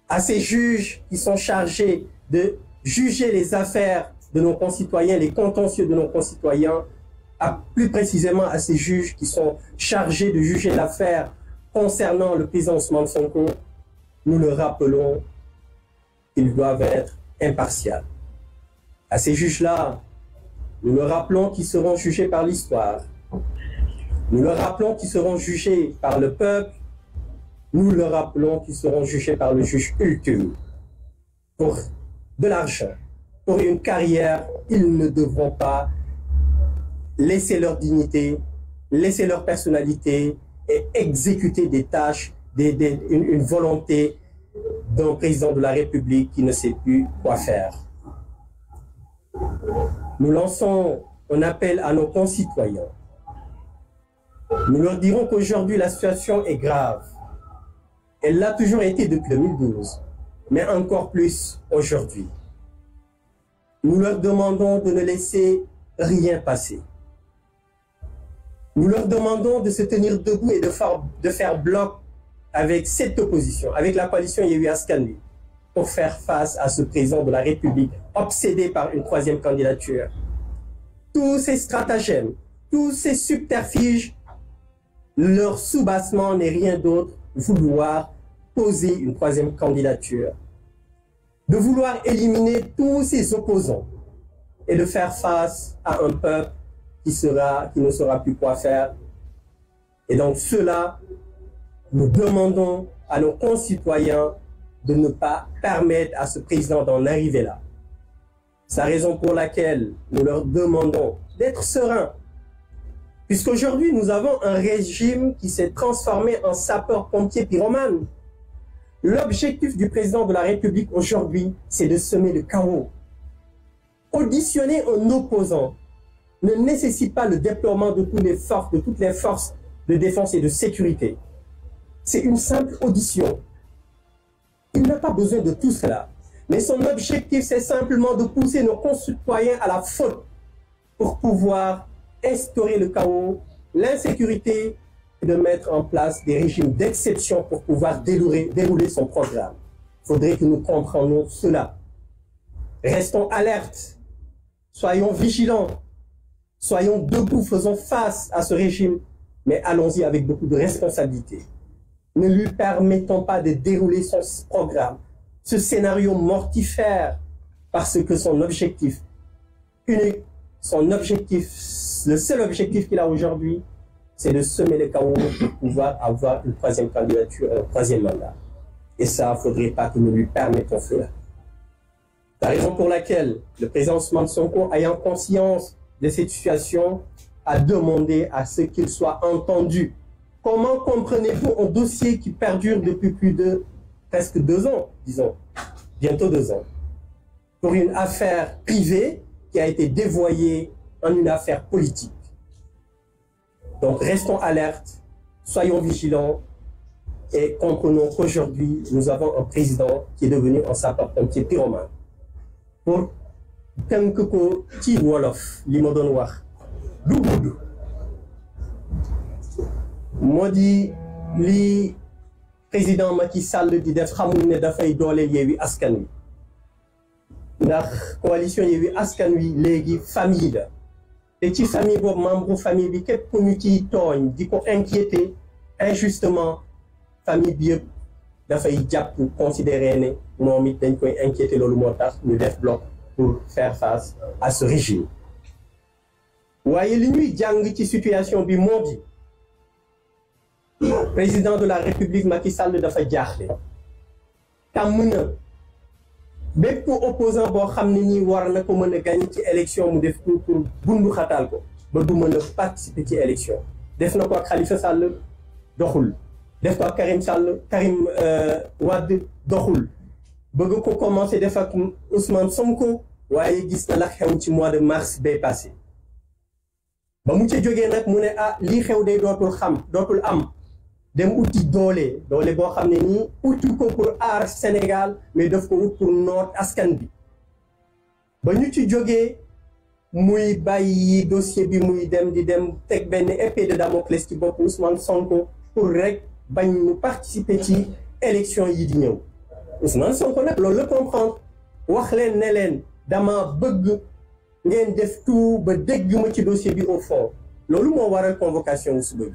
S7: à ces juges qui sont chargés de juger les affaires de nos concitoyens, les contentieux de nos concitoyens, à, plus précisément à ces juges qui sont chargés de juger l'affaire concernant le de son Sonko, nous le rappelons, ils doivent être impartials. À ces juges-là, nous le rappelons qu'ils seront jugés par l'histoire. Nous le rappelons qu'ils seront jugés par le peuple nous leur rappelons, qu'ils seront jugés par le juge ultime. Pour de l'argent, pour une carrière, ils ne devront pas laisser leur dignité, laisser leur personnalité et exécuter des tâches, une volonté d'un président de la République qui ne sait plus quoi faire. Nous lançons un appel à nos concitoyens. Nous leur dirons qu'aujourd'hui la situation est grave elle l'a toujours été depuis 2012, mais encore plus aujourd'hui. Nous leur demandons de ne laisser rien passer. Nous leur demandons de se tenir debout et de faire, bloc avec cette opposition, avec la coalition Yéhua Askanui, pour faire face à ce président de la République obsédé par une troisième candidature. Tous ces stratagèmes, tous ces subterfuges, leur soubassement n'est rien d'autre vouloir poser une troisième candidature, de vouloir éliminer tous ses opposants et de faire face à un peuple qui, sera, qui ne saura plus quoi faire. Et donc cela, nous demandons à nos concitoyens de ne pas permettre à ce président d'en arriver là. C'est la raison pour laquelle nous leur demandons d'être sereins. Puisqu'aujourd'hui, nous avons un régime qui s'est transformé en sapeur-pompier pyromane. L'objectif du président de la République aujourd'hui, c'est de semer le chaos. Auditionner un opposant ne nécessite pas le déploiement de, toutes les forces, de toutes les forces de défense et de sécurité. C'est une simple audition. Il n'a pas besoin de tout cela. Mais son objectif, c'est simplement de pousser nos concitoyens à la faute pour pouvoir instaurer le chaos, l'insécurité de mettre en place des régimes d'exception pour pouvoir dérouler, dérouler son programme. Il faudrait que nous comprenions cela. Restons alertes, soyons vigilants, soyons debout, faisons face à ce régime, mais allons-y avec beaucoup de responsabilité. Ne lui permettons pas de dérouler son programme, ce scénario mortifère, parce que son objectif unique, son objectif, le seul objectif qu'il a aujourd'hui, c'est de semer le chaos pour pouvoir avoir une troisième candidature, un euh, troisième mandat. Et ça, il ne faudrait pas que nous lui permettons cela. La raison pour laquelle le président Ousmane Sonko, ayant conscience de cette situation, a demandé à ce qu'il soit entendu. Comment comprenez-vous un dossier qui perdure depuis plus de presque deux ans, disons, bientôt deux ans, pour une affaire privée qui a été dévoyée en une affaire politique donc restons alertes, soyons vigilants et comprenons qu'aujourd'hui, nous avons un président qui est devenu un sapeur-pompier pyromane. Pour tënk ci président Macky Sall di coalition famille les ci famille boobu membre famille bi képp pour nous qui tooñ di inquiéter injustement famille bi yëpp dafay pour considérer ne non it dañ koy inquiété lolu moo def bloc pour faire face à ce régime voyez li ñuy jang ci situation bi monde président de la république Macky Sall dafa jaxlé tàmm bépp opposant boo xam ne nii war na ko mën a gañ ci élection mu def pour pour bundu xataal ko ba du mën a participer ci élection def na ko ak Khalifa Sall doxul def ko ak Karim Sall Karim euh, Wade doxul bëgg ko commencé def ak Ousmane Sonko waaye gis na la xew ci mois de mars bay passé ba mu ca jógee nag mu ne ah lii xew day dootul xam dootul am dem outil doole doole boo xam ne nii ko pour aar Sénégal mais daf ko pour noot askan bi ba ñu ci jógee muy bàyyi dossier bi muy dem di dem teg benn épée de Damoclès ci bopp Ousmane Sonko pour rek bañ ñu participer ci élection yi di ñëw Ousmane Sonko nag loolu la comprendre wax leen ne leen dama bëgg ngeen def tout ba dégg ma ci dossier bi au fond loolu moo waral convocation wu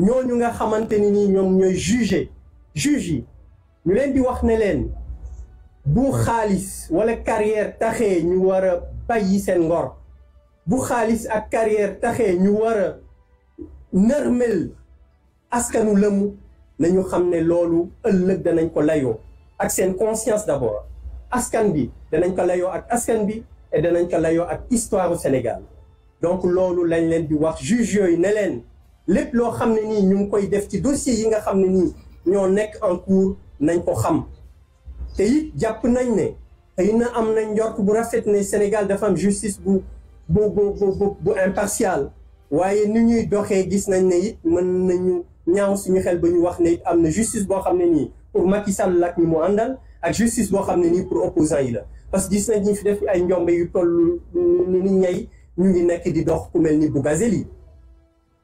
S7: ñooñu nga xamanteni ni nii ñoom ñooy juger juge yi ñu leen di wax ne leen bu xaalis wala carrière taxee ñu war a bàyyi seen ngor bu xaalis ak carrière taxee ñu war a nërmel askanu lëmu nañu xam ne loolu ëllëg danañ ko layoo ak seen conscience d'abord askan bi danañ ko layoo ak askan bi et danañ ko layoo ak histoire au Sénégal donc loolu lañ leen di wax juge yooyu ne leen lépp lo xam ni nii ñu koy def ci dossier yi nga xam ne nii ñoo en cours nañ ko xam te it japp nañ ne ay na am na ñort bu rafet ne Sénégal dafa am justice bu bu bu bu bu impartial waye ni ñuy doxé gis nañ ne it mën nañu ñaaw suñu xel ba ñu wax né am na justice bo xam ni pour Macky Sall lak ñu ñi mu ak justice bo xam ni pour opposants yi la parce que gis nañ ñu fi def ay njombe yu tollu ni ñay ñu ngi nek di dox ku melni bu Bougazelli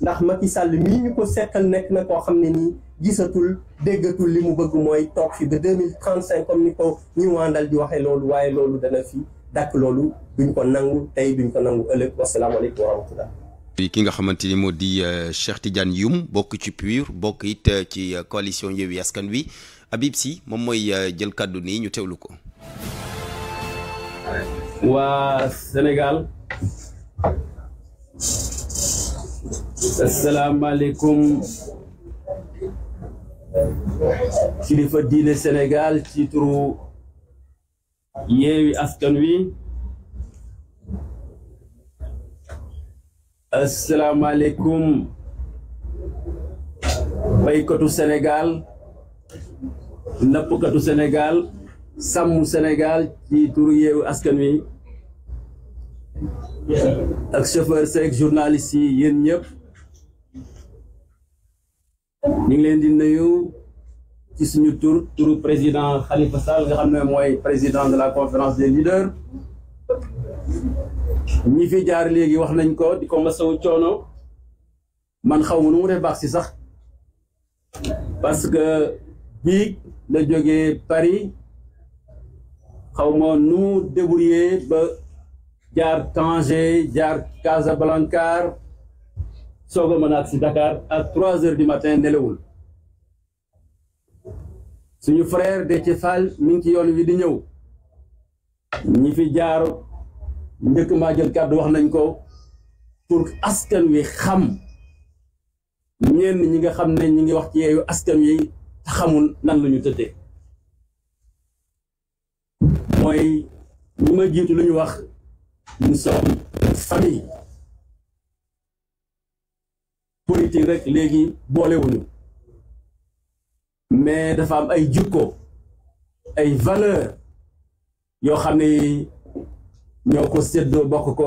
S7: ndax Macky Sall mii ñu ko sekkal nekk na koo xam ne nii gisatul déggatul li mu bëgg mooy toog fi ba 2035 comme ni ko ñu wàndal di waxee loolu waaye loolu dana fi dàkk loolu duñ ko nangu tey duñ ko nangu ëllëg wasalaamaaleykum wa rahmatullah
S1: ki nga xamante ni moo di euh, Cheikh Tidiane Yum bokk ci PUR bokk it euh, ci euh, coalition Yewwi Askan Wi Habib Sy moom mooy jël kaddu nii ñu teewlu ko waa Sénégal
S8: asalaamaaleykum kilifa diine Sénégal ci turu yeewi askan wi asalaamaaleykum baykatu Sénégal nappkatu Sénégal sàmm Sénégal ci turu yeewi askan wi ak chauffeur seeg journaliste yi yéen ñëpp ñu ngi leen di nuyu ci suñu tur turu président Khalifa Sall nga xam ne président de la conférence des leaders Ni fi jaar léegi wax nañ ko diko ko masawu coono man xawmu nu mu def baax si sax parce que bi la jógee Paris xawmo ma nu mu ba jaar Tanger jaar Casablanca soog a Dakar à trois heures du matin nelawul suñu frère Déthié Fall de ngi ci yoon wi di ñëw ñi fi jaar njëkk jël wax nañ ko pour Asken wi xam ñenn ñi nga xam ne ñi ngi wax ci wi te xamul nan la Moi, nous mooy ñi wax nous sommes famille politique rek léegi boolewuñu mais dafa am ay jikko ay valeur yoo xam ne ñoo ko seddoo bokk ko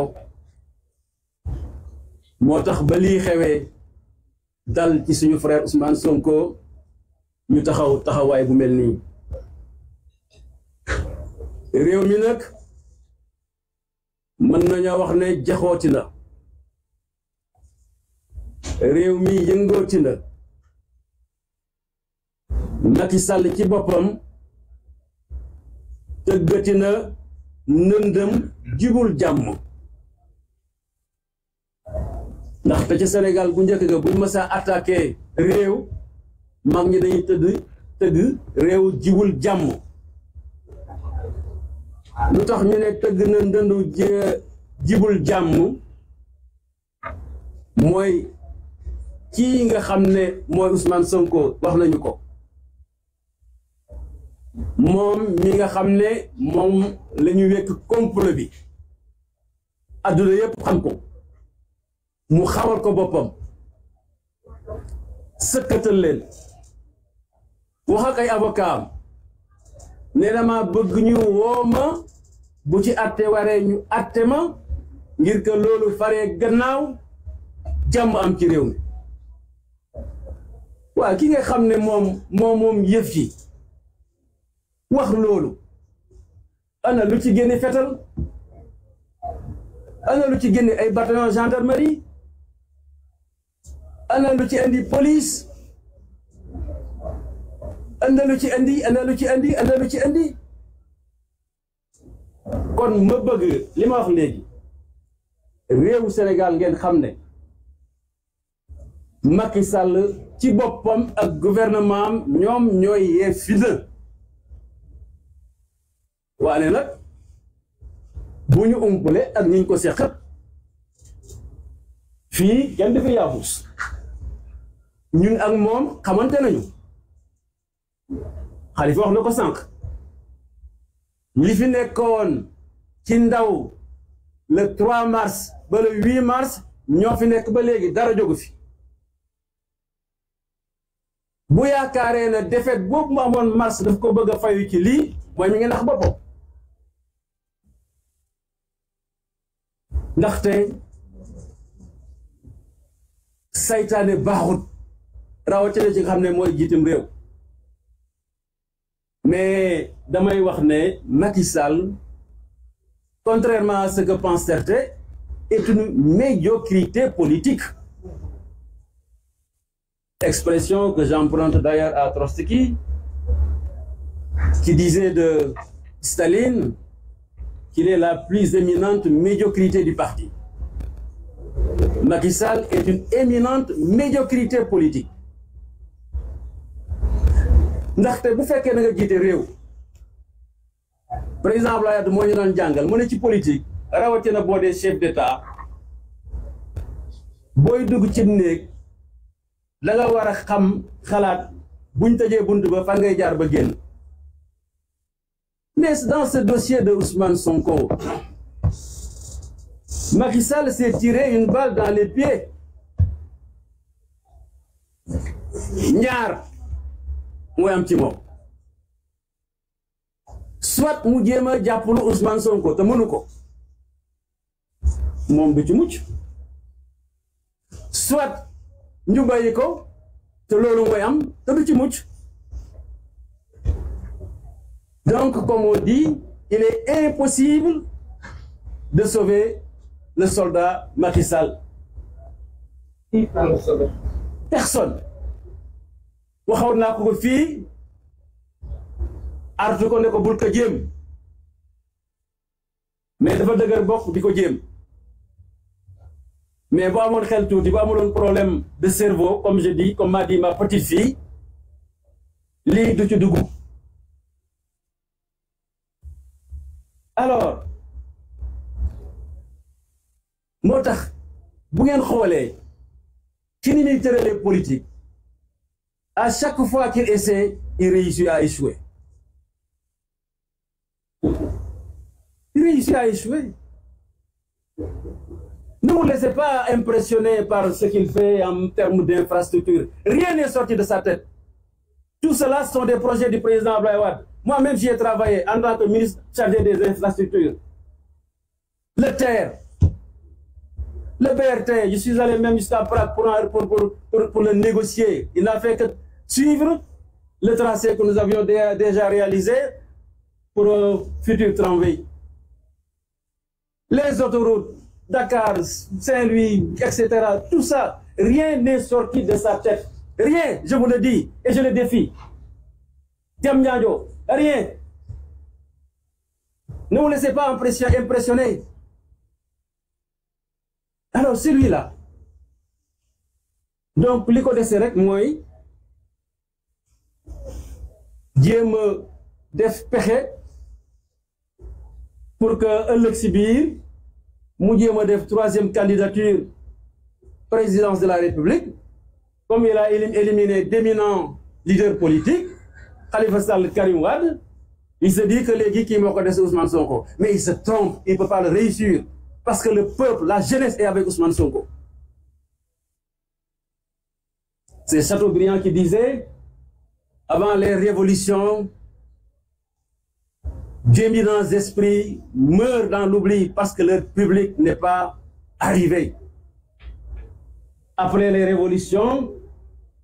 S8: moo tax ba lii xewee dal ci suñu frère Ousmane Sonko ñu taxaw taxawaay bu mel nii réew mi nag mën nañoo wax ne jaxooti na réew mi yëngooti na Macky ci boppam tëggati na nëndëm jibul jàmm ndaxte ca Sénégal bu njëkk ga buñ mës a réew mag ñi dañuy tëdd tëgg réew jiwul jàmm lu tax ñu ne tëgg na ndëndu jibul jàmm mooy kii nga xam ne mooy Ousmane Sonko wax nañu ko moom mi nga xam ne moom lañu ñu wekk complot bi adduna yépp xam ko mu xawal ko boppam sëkkatal leen wax ak ay avocat am bëgg ñu woo bu ci atte waree ñu atte ma ngir que loolu faree gannaaw jàmm am ci réew mi waa ki nga xam ne moom moom moom yëf wax loolu ana lu ci génne fetal ana lu ci génne ay bataillon gendarmerie ana lu ci indi police ana lu ci indi ana lu ci indi ana lu ci indi kon ma lima wax léegi réewu senegal ngeen xam ne Macky Sall ci bopam ak gouvernement ñom ñoy yé yee walé nak bu ñu ak ñiñ ko séxat fi Nous ñun ak mom xamanté nañu fils. wax le 3 mars ba le 8 mars nous avons nekk ba léegi dara jogu fi bu yaakaaree ne défaite boobu mu amoon mars daf ko bëgg a fayu ci lii mooy mi ngi nax boppam ndaxte saytaane baaxut rawatina ci nga xam ne mooy jiitam réew mais damay wax ne Macky Sall contrairement à ce que pensent certains est une médiocrité politique Expression que j'emprunte d'ailleurs à Trotsky, qui disait de Staline qu'il est la plus éminente médiocrité du parti. Macky est une éminente médiocrité politique. par exemple chef d'état la nga war a xam buñ tëjee bunt ba fa ngay jaar ba mais dans ce dossier de Ousmane Sonko Macky Sall s'est tiré une balle dans les pieds ñaar mooy am ci moom soit mu jéem a Ousmane Sonko te mënu ko moom ci soit ñu bàyyi ko te loolu mooy am te du ci mucc donc comme on dit il est impossible de sauver le soldat Macky Sall. qui peut le sauver personne. waxoon naa ko ko fii artu ko ne ko bul ko jéem mais dafa dëgër bokk di ko jéem mais je y a un problème de cerveau comme je dis comme m'a dit ma petite fille l'île de ci alors moo tax bu un problème, ci ni politique à chaque fois qu'il essaie il réussit à échouer il réussit à échouer ne vous laissez pas impressionner par ce qu'il fait en termes d'infrastructures. Rien n'est sorti de sa tête. Tout cela sont des projets du président Ablaïwad. Moi-même, j'y ai travaillé en tant que ministre chargé des infrastructures. Le terre, le BRT, je suis allé même jusqu'à Prague pour, pour, le négocier. Il n'a fait que suivre le tracé que nous avions déjà réalisé pour le futur tramway. Les autoroutes, Dakar, Saint-Louis, etc. Tout ça, rien n'est sorti de sa tête. Rien, je vous le dis, et je le défie. rien. Ne vous laissez pas impressionner. Alors, celui-là. Donc, de rek, moi, Dieu me def pour que le troisième candidature présidence de la république comme il a éliminé d'éminents leaders politiques Khalifa Sall il se dit que les guillemets qui Ousmane Sonko mais il se trompe il ne peut pas le réussir parce que le peuple la jeunesse est avec Ousmane Sonko c'est Chateaubriand qui disait avant les révolutions d'éminents esprits meurent dans l'oubli parce que leur public n'est pas arrivé. Après les révolutions,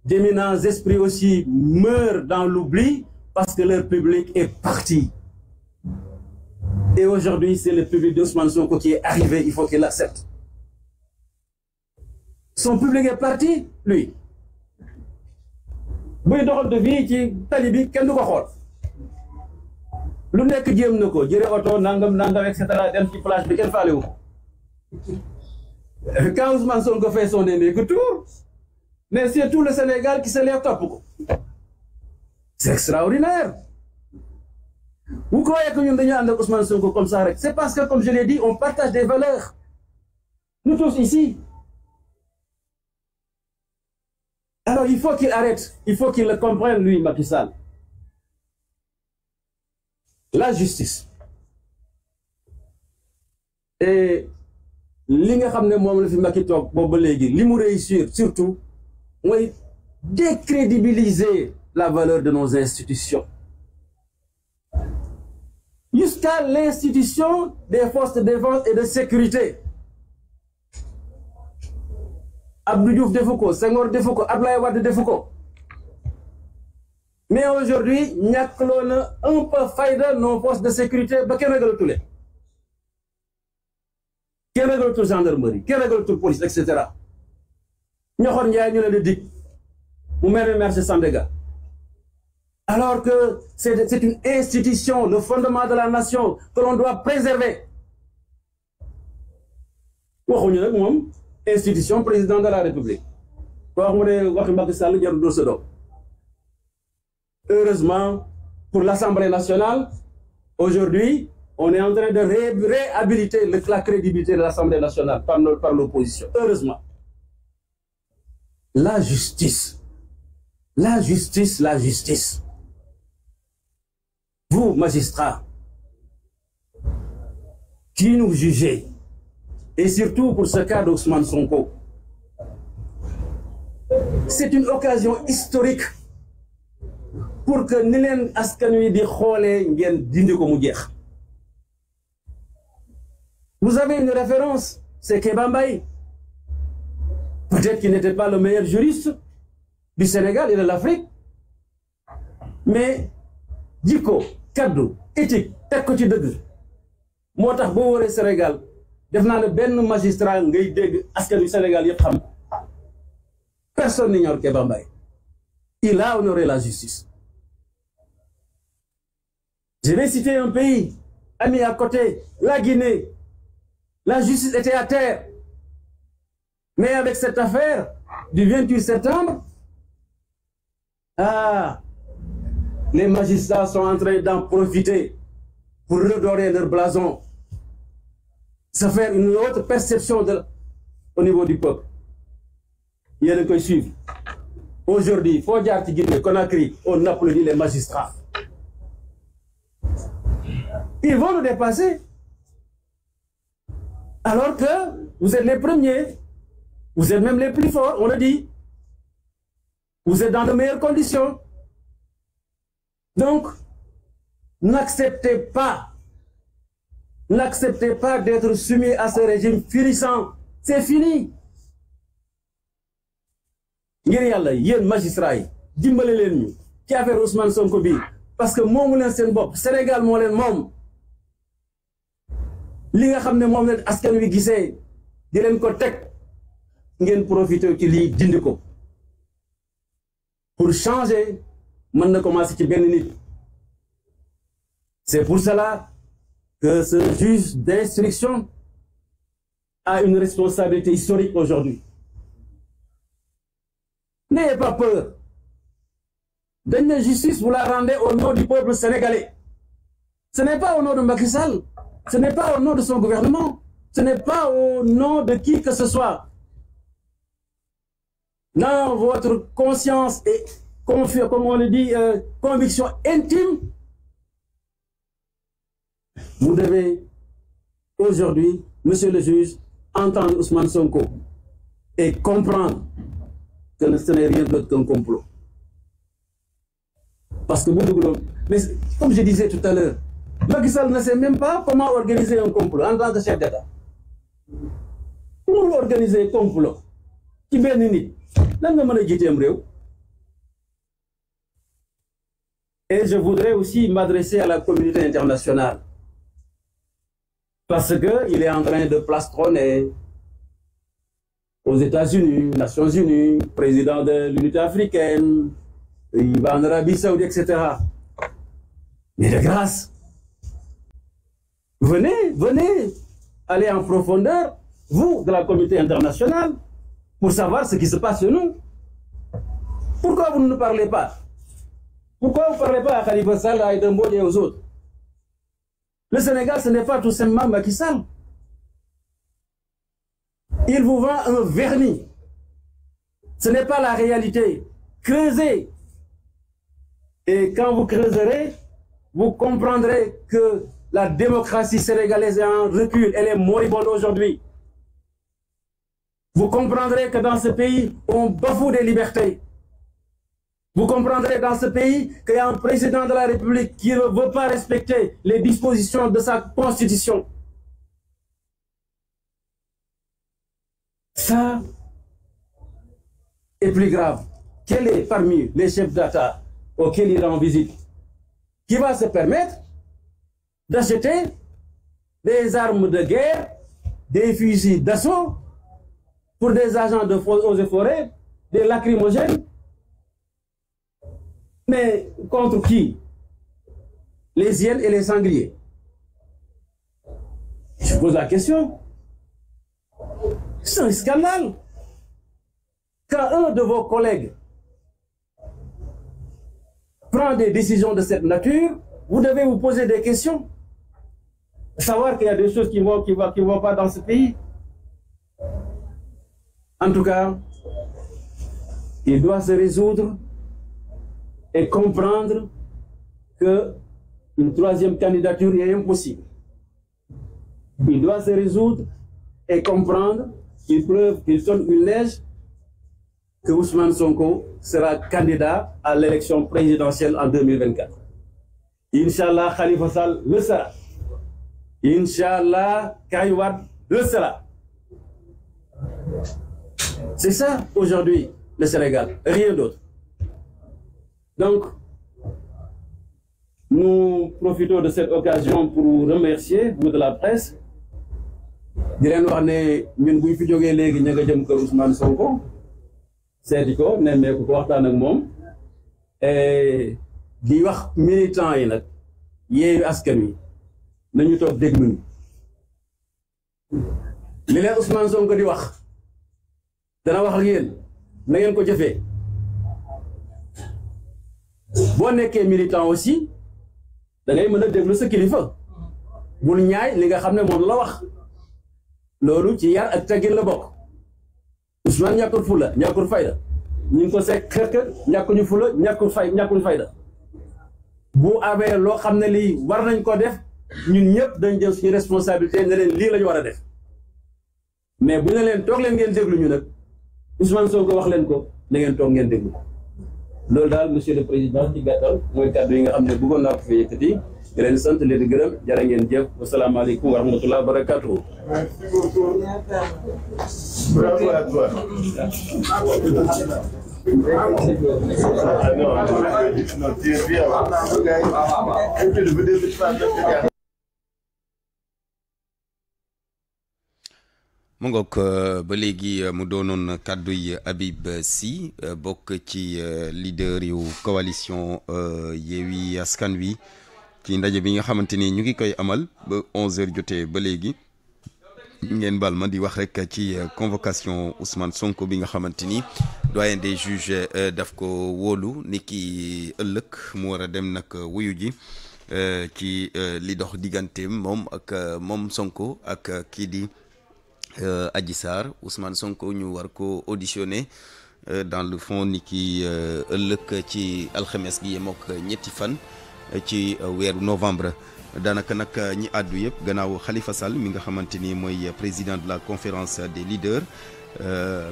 S8: d'éminents esprits aussi meurent dans l'oubli parce que leur public est parti. Et aujourd'hui, c'est le public d'Ousmane Sonko qui est arrivé, il faut qu'il l'accepte. Son public est parti, lui. a il de vie qui tali bi kenn lu nekk jéem na ko jëre oto nangam nangam et cetera dem ci place bi kenn faale wu ko quand fait son que tour mais c'est tout le Sénégal qui se lève topp ko c'est extraordinaire Pourquoi ko waxee que ñun dañu ànd Ousmane Sonko comme ça rek c'est parce que comme je l'ai dit on partage des valeurs nous tous ici alors il faut qu'il arrête il faut qu'il le comprenne lui Macky Sall la justice et li que je ne moom la fi Macky réussir surtout mooy décrédibiliser la valeur de nos institutions jusqu'à l'institution des forces de défense et de sécurité Abdou Diouf Defoko, Senghor Defouko, Abdoulaye Wade mais aujourd'hui y a un peu dans nos forces de sécurité qui tout ce gendarmerie ce que police etc police, etc. ñu dig alors que c'est une institution le fondement de la nation que l'on doit préserver institution président de la république heureusement pour l'Assemblée nationale, aujourd'hui, on est en train de réhabiliter le, la crédibilité de l'Assemblée nationale par, par l'opposition. Heureusement. La justice. La justice, la justice. Vous, magistrats, qui nous jugez, et surtout pour ce cas d'Ousmane Sonko, c'est une occasion historique pour que Nilen askanui di xoolee ngeen dindi vous avez une référence c'est Kebambaï. peut-être qu'il n'était pas le meilleur juriste du Sénégal et de l'Afrique mais Diko, kadou éthique Takoti ko ci dëgg Sénégal devenant le magistrat ngay Sénégal personne n'ignore Kebambaï. il a honoré la justice je vais citer un pays, ami à côté, la Guinée. La justice était à terre. Mais avec cette affaire du 28 septembre, ah, les magistrats sont en train d'en profiter pour redorer leur blason. Ça fait une autre perception de, au niveau du peuple. Il y a le que suivre. Aujourd'hui, à crié Conakry, on applaudit les magistrats ils vont nous dépasser. Alors que vous êtes les premiers, vous êtes même les plus forts, on le dit. Vous êtes dans de meilleures conditions. Donc, n'acceptez pas, n'acceptez pas d'être soumis à ce régime finissant. C'est fini. magistrat parce que mon Sénégal li nga xam mom moom askan wi gisee di leen ko teg ngeen profiter ci li dindi ko pour changer mën na commencer ci benn nit c'est pour cela que ce juge d'instruction a une responsabilité historique aujourd'hui n'ayez pas peur dañ justice vous la rendez au nom du peuple sénégalais ce n'est pas au nom de Macky Sall ce n'est pas au nom de son gouvernement. Ce n'est pas au nom de qui que ce soit. Non, votre conscience et, comme on le dit, euh, conviction intime, vous devez aujourd'hui, monsieur le juge, entendre Ousmane Sonko et comprendre que ce n'est rien d'autre qu'un complot. Parce que vous, mais comme je disais tout à l'heure, Macky Sall ne sait même pas comment organiser un complot en tant que chef d'État Comment organiser un complot qui est nit lan et je voudrais aussi m'adresser à la communauté internationale parce qu'il est en train de plastronner aux États-Unis, Nations Unies, président de l'unité africaine, il va en Arabie Saoudite, etc. Mais de grâce, Venez, venez, allez en profondeur, vous, de la communauté internationale, pour savoir ce qui se passe chez nous. Pourquoi vous ne nous parlez pas Pourquoi vous ne parlez pas à Khalifa Salah, à Edembo et aux autres Le Sénégal, ce n'est pas tout simplement Makissal. Il vous vend un vernis. Ce n'est pas la réalité. Creusez. Et quand vous creuserez, vous comprendrez que la démocratie sénégalaise est en recul, elle est moribonde aujourd'hui. Vous comprendrez que dans ce pays, on bafoue des libertés. Vous comprendrez dans ce pays qu'il y a un président de la République qui ne veut pas respecter les dispositions de sa constitution. Ça est plus grave. Quel est parmi les chefs d'État auxquels il rend visite qui va se permettre d'acheter des armes de guerre, des fusils d'assaut pour des agents de forêt, des lacrymogènes. Mais contre qui Les hyènes et les sangliers. Je pose la question. C'est un scandale. Quand un de vos collègues prend des décisions de cette nature, vous devez vous poser des questions savoir qu'il y a des choses qui ne vont, qui vont, pas dans ce pays. En tout cas, il doit se résoudre et comprendre qu'une troisième candidature est impossible. Il doit se résoudre et comprendre qu'il preuve, qu'il sonne une lèche que Ousmane Sonko sera candidat à l'élection présidentielle en 2024. Inch'Allah, Khalifa Sall le sera. Inch'Allah, Kaiwad le cela. C'est ça aujourd'hui le Sénégal, rien d'autre. Donc, nous profitons de cette occasion pour vous remercier, vous de la presse. Je vous remercie, ne vous remercie, fi vous remercie, je vous jëm je Ousmane Sonko je vous remercie. ko waxtaan ak moom di wax militant yi nañu toog dégg nañu li leen Ousmane Sonko di wax dana wax ak yéen na ngeen ko jëfee boo nekkee militan aussi da ngay mën a déglu sa kilifa bul ñaay li nga xam ne moom la wax loolu ci yar ak teggin la bokk Ousmane ñàkkul fula ñàkkul fayda ñu ngi ko seet xërk ñàkkuñu fula ñàkkul fay ñàkkul fayda bu amee loo xam ne lii war nañ ko def ñun ñëpp dañ jël suñu responsabilité ne leen lii la ñu war a def mais bu ne leen toog leen ngeen déglu ñu nag Ousmane Sow ko wax leen ko na ngeen toog ngeen déglu ko loolu daal monsieur le président ci gàttal mooy kàddu yi nga xam ne bëggoon naa ko fi yëkkati di leen sant leen di gërëm jërë ngeen jëf wasalaamaaleykum wa rahmatulah wa
S2: merci
S1: mu ngoog euh, ba léegi euh, mu doonoon kàdduy Habib Si euh, bok ci leader yu coalition Yewi Askan Wi ci ndaje bi nga xamanteni ñu ngi koy amal ba 11h jotee ba léegi ngeen bal ma di wax rek ci convocation Ousmane Sonko bi nga xamanteni doyen des juges daf ko wolu ni ki ëllëg mu wara dem nak wuyu ji. ci li dox digantem mom ak mom Sonko ak ki di. Euh, Adji Sarr Ousmane Sonko ñu war ko auditionné euh, dans le fond ni ki euh, ëllëg ci alxames gi yem ak ñetti fan ci weeru novembre daanaka nag ñi àddu yëpp gannaaw xalifa Sall mi nga xamante ni mooy président de la conférence des leaders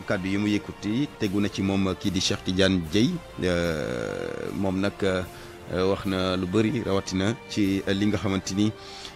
S1: kàddu yi mu yëkkati tegu na ci moom kii di Cheikh Tidiane Dieye moom nag wax na lu bëri rawatina ci li nga xamante ni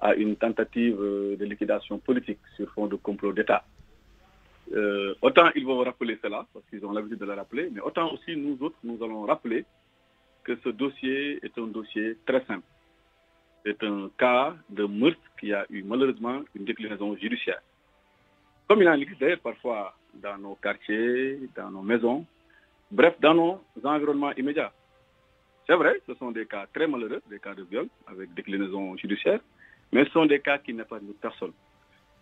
S9: à une tentative euh, de liquidation politique sur fond de complot d'État. Euh, autant ils vont rappeler cela, parce qu'ils ont l'habitude de le rappeler, mais autant aussi nous autres, nous allons rappeler que ce dossier est un dossier très simple. C'est un cas de meurtre qui a eu malheureusement une déclinaison judiciaire. Comme il en existe parfois dans nos quartiers, dans nos maisons, bref, dans nos environnements immédiats. C'est vrai, ce sont des cas très malheureux, des cas de viol avec déclinaison judiciaire, mais ce sont des cas qui n'est pas de personne.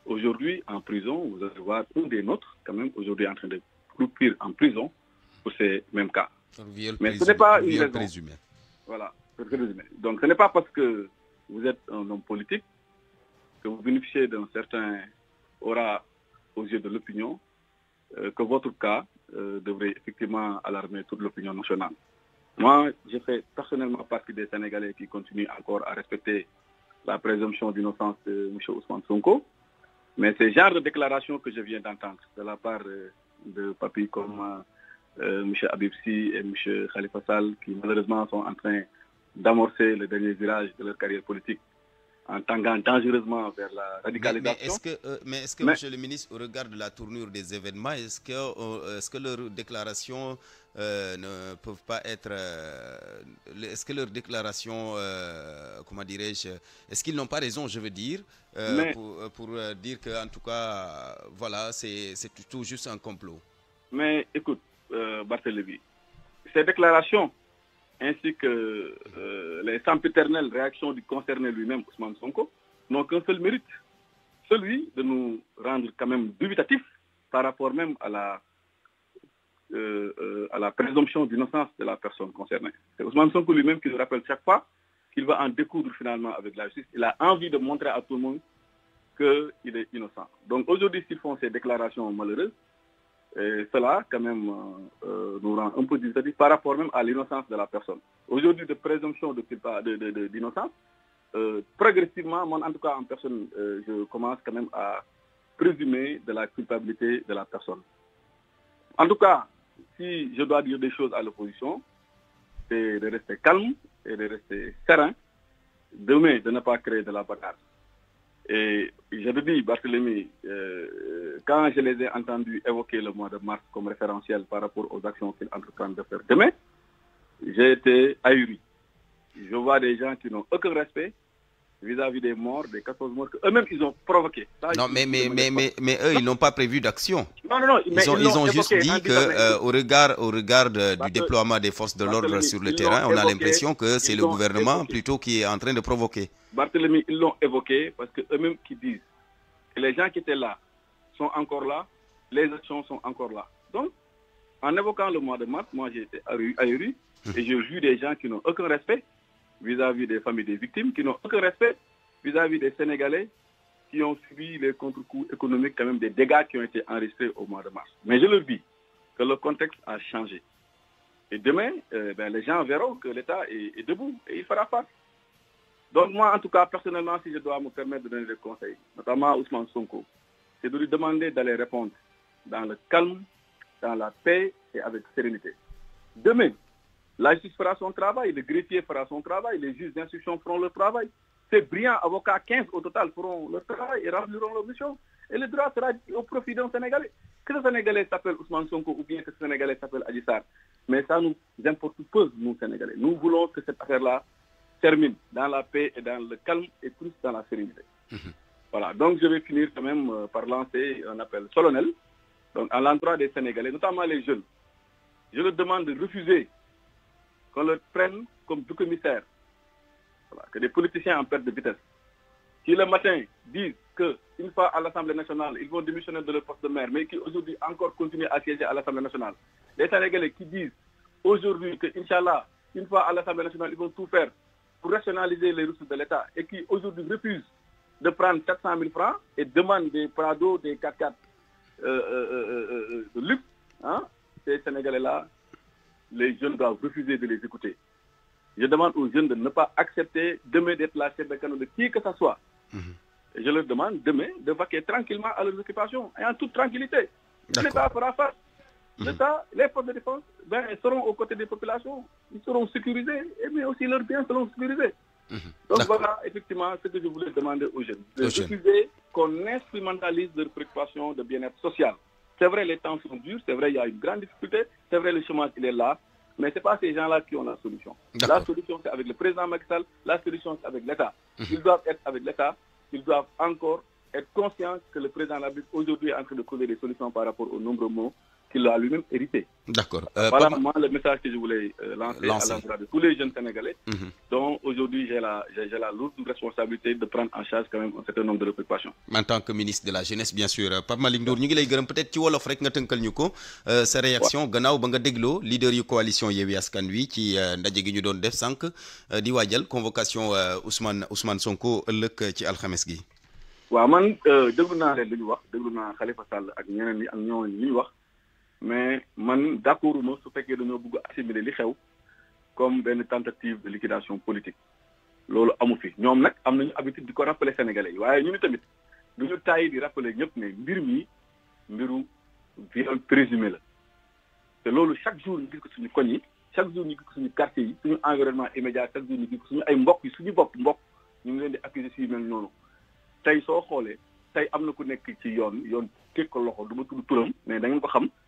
S9: Aujourd'hui, en prison, vous allez voir un des nôtres, quand même, aujourd'hui en train de croupir en prison pour ces mêmes cas.
S1: Mais ce n'est pas une raison.
S9: Voilà. Donc ce n'est pas parce que vous êtes un homme politique que vous bénéficiez d'un certain aura aux yeux de l'opinion euh, que votre cas euh, devrait effectivement alarmer toute l'opinion nationale. Moi, je fais personnellement partie des Sénégalais qui continuent encore à respecter la présomption d'innocence de M. Ousmane Sonko. Mais c'est le genre de déclaration que je viens d'entendre de la part euh, de papy comme euh, euh, M. Abibsi et M. Khalifa Sall, qui malheureusement sont en train d'amorcer le dernier virage de leur carrière politique en tanguant dangereusement vers la radicalisation.
S1: Mais, est-ce que, M. le ministre, au regard de la tournure des événements, est-ce que, est-ce que leur déclaration euh, ne peuvent pas être. Euh, est-ce que leur déclaration, euh, comment dirais-je, est-ce qu'ils n'ont pas raison, je veux dire, pour, dire que en tout cas, voilà, c'est tout juste un complot.
S9: Mais écoute, Barthélemy, ces déclarations ainsi que les sempiternelles réactions du concerné lui-même, Ousmane Sonko, n'ont qu'un seul mérite, celui de nous rendre quand même dubitatifs par rapport même à la euh, euh, à la présomption d'innocence de la personne concernée. C'est Ousmane Sonko lui-même qui le rappelle chaque fois qu'il va en découdre finalement avec la justice. Il a envie de montrer à tout le monde qu'il est innocent. Donc aujourd'hui, s'ils font ces déclarations malheureuses, cela quand même euh, nous rend un peu dissatisfaits par rapport même à l'innocence de la personne. Aujourd'hui, de présomption d'innocence, de, de, progressivement, moi en tout cas en personne, je commence quand même à présumer de la culpabilité de la personne. En tout cas, si je dois dire des choses à l'opposition, c'est de rester calme et de rester serein. Demain, de ne pas créer de la bagarre. Et je le dis, Barthélemy, euh, quand je les ai entendus évoquer le mois de mars comme référentiel par rapport aux actions qu'ils entreprennent de faire demain, j'ai été ahuri. Je vois des gens qui n'ont aucun respect, vis-à-vis des morts, des 14 morts qu'eux-mêmes
S10: ils ont
S1: provoqués. non, mais, mais, mais, mais, eux, ils n'ont pas prévu d'action.
S10: Non, non, non. Ils, ont, ils, ont, juste dit hein, que, euh,
S1: au regard, au regard euh, du déploiement des forces de l'ordre sur le terrain, on a l'impression que c'est le gouvernement plutôt qui est en train de provoquer.
S9: Barthélemy, ils l'ont évoqué parce qu'eux-mêmes qui disent que les gens qui étaient là sont encore là, les actions sont encore là. Donc, en évoquant le mois de mars, moi j'ai été à Rue, hum. et j'ai vu des gens qui n'ont aucun respect vis-à-vis des familles des victimes, qui n'ont aucun respect vis-à-vis des Sénégalais qui ont subi les contre-coups économiques, quand même des dégâts qui ont été enregistrés au mois de mars. Mais je le dis que le contexte a changé. Et demain, euh, ben, les gens verront que l'État est, est, debout et il fera face. Donc moi, en tout cas, personnellement, si je dois me permettre de donner des conseils, notamment à Ousmane Sonko, c'est de lui demander d'aller répondre dans le calme, dans la paix et avec sérénité. Demain, la justice fera son travail, le greffier fera son travail, les juges d'instruction feront leur travail. Ces brillants avocats, 15 au total, feront leur travail et rempliront leur mission. Et le droit sera au profit d'un Sénégalais. Que le Sénégalais s'appelle Ousmane Sonko ou bien que le Sénégalais s'appelle Adissar. Mais ça nous importe peu, nous, Sénégalais. Nous voulons que cette affaire-là termine dans la paix et dans le calme et plus dans la sérénité. Mhm. Voilà, donc je vais finir quand même euh, par lancer un appel solennel à l'endroit des Sénégalais, notamment les jeunes. Je leur demande de refuser qu'on le prenne comme du commissaire. que des politiciens en perte de vitesse. Qui le matin disent qu'une fois à l'Assemblée nationale, ils vont démissionner de leur poste de maire, mais qui aujourd'hui encore continuent à siéger à l'Assemblée nationale. Les Sénégalais qui disent aujourd'hui que, Inch'Allah, une fois à l'Assemblée nationale, ils vont tout faire pour rationaliser les ressources de l'État et qui aujourd'hui refusent de prendre 400 000 francs et demandent des Prado, des 4x4 euh, euh, euh, de luxe, hein, ces Sénégalais-là les jeunes doivent refuser de les écouter. Je demande aux jeunes de ne pas accepter demain d'être la chef de canon de qui que ce soit. Mhm. Et Je leur demande demain de vaquer tranquillement à leurs occupations et en toute tranquillité. L'État fera face. Mhm. L'État, les forces de défense ben, seront aux côtés des populations. Ils seront sécurisés, et mais aussi leurs biens seront sécurisés.
S11: Mhm. Donc voilà
S9: effectivement ce que je voulais demander aux jeunes. De refuser qu'on instrumentalise leurs préoccupations de bien-être social. C'est vrai, les temps sont durs, c'est vrai, il y a une grande difficulté, c'est vrai, le chemin, il est là, mais ce n'est pas ces gens-là qui ont la solution. La solution, c'est avec le président Macky la solution, c'est avec l'État. Mhm. Ils doivent être avec l'État, ils doivent encore être conscients que le président Labus aujourd'hui est en train de trouver des solutions par rapport aux nombreux mots a lui-même hérité.
S1: D'accord. Euh, voilà
S9: le message que je voulais euh, lancer, à l'endroit de tous les jeunes Sénégalais, mhm. dont aujourd'hui j'ai la, lourde responsabilité de prendre en charge quand même un certain nombre de
S1: préoccupations. En tant que ministre de la Jeunesse, bien sûr. Euh, Pape Malick Ndour, peut-être ci wolof euh, sa réaction leader coalition qui def convocation Ousmane Ousmane Sonko
S9: mais man d'accord accord ma su fekkee dañoo bëgg assimiler li xew comme benn tentative de liquidation politique loolu amu fi ñoom nag am nañu habitude di ko rappeler sénégalais yi waaye ñu ni tamit duñu tàyyi di rappeler ñëpp ne mbir mi mbiru viol présumé la te loolu chaque jour ñu gis ko suñu koñ yi chaque jour ñu gis ko suñu quartier yi suñu environnement immédiat chaque jour ñu gis ko suñu ay mbokk yi suñu bopp mbokk ñu ngi leen di accuser si mel noonu tey soo xoolee tey am na ku nekk ci yoon yoon teg ko loxo du ma tudd turam mais da ngeen ko xam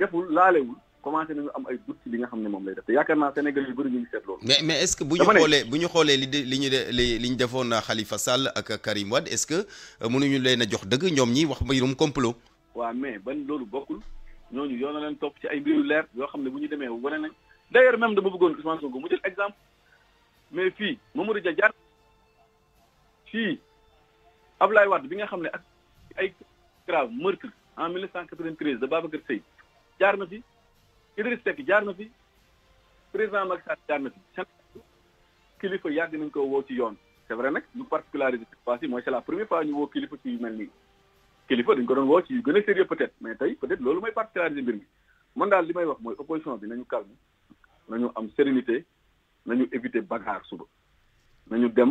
S9: deful laalewul commencé nañu am ay doute ci li nga xam ne moom lay def te yaakaar naa Sénégal yu bëri ñu ngi seet loolu. mais mais est ce que bu ñu xoolee bu
S1: ñu xoolee li li ñu li li ñu defoon Khalifa Sall ak Karim Wade est ce que euh, mënuñu leen a jox dëgg ñoom ñi wax mbirum complot.
S9: waaw mais ban loolu bokkul ñooñu yoon na leen topp ci ay mbiru leer yoo xam ne bu ñu demee wane nañ d' ailleurs même dama bëggoon Ousmane Sonko mu jël exemple mais fii Mamadou Dia fii Ablaye bi nga xam ne ak ay grave meurtre en 1993 de Babacar Seye jaar na fi Idriss Seck jaar na fi président Macky Sall jaar na fi seen kilifa yàgg nañ ko woo ci yoon c'est vrai nag ñu particularité cette fois-ci mooy c'est la première fois ñu woo kilifa ci yu mel nii kilifa dañ ko doon woo ci yu gën a sérieux peut-être mais tey peut-être loolu mooy particularité mbir mi man daal li may wax mooy opposition bi nañu calme nañu am sérénité nañu éviter bagarre suba nañu dem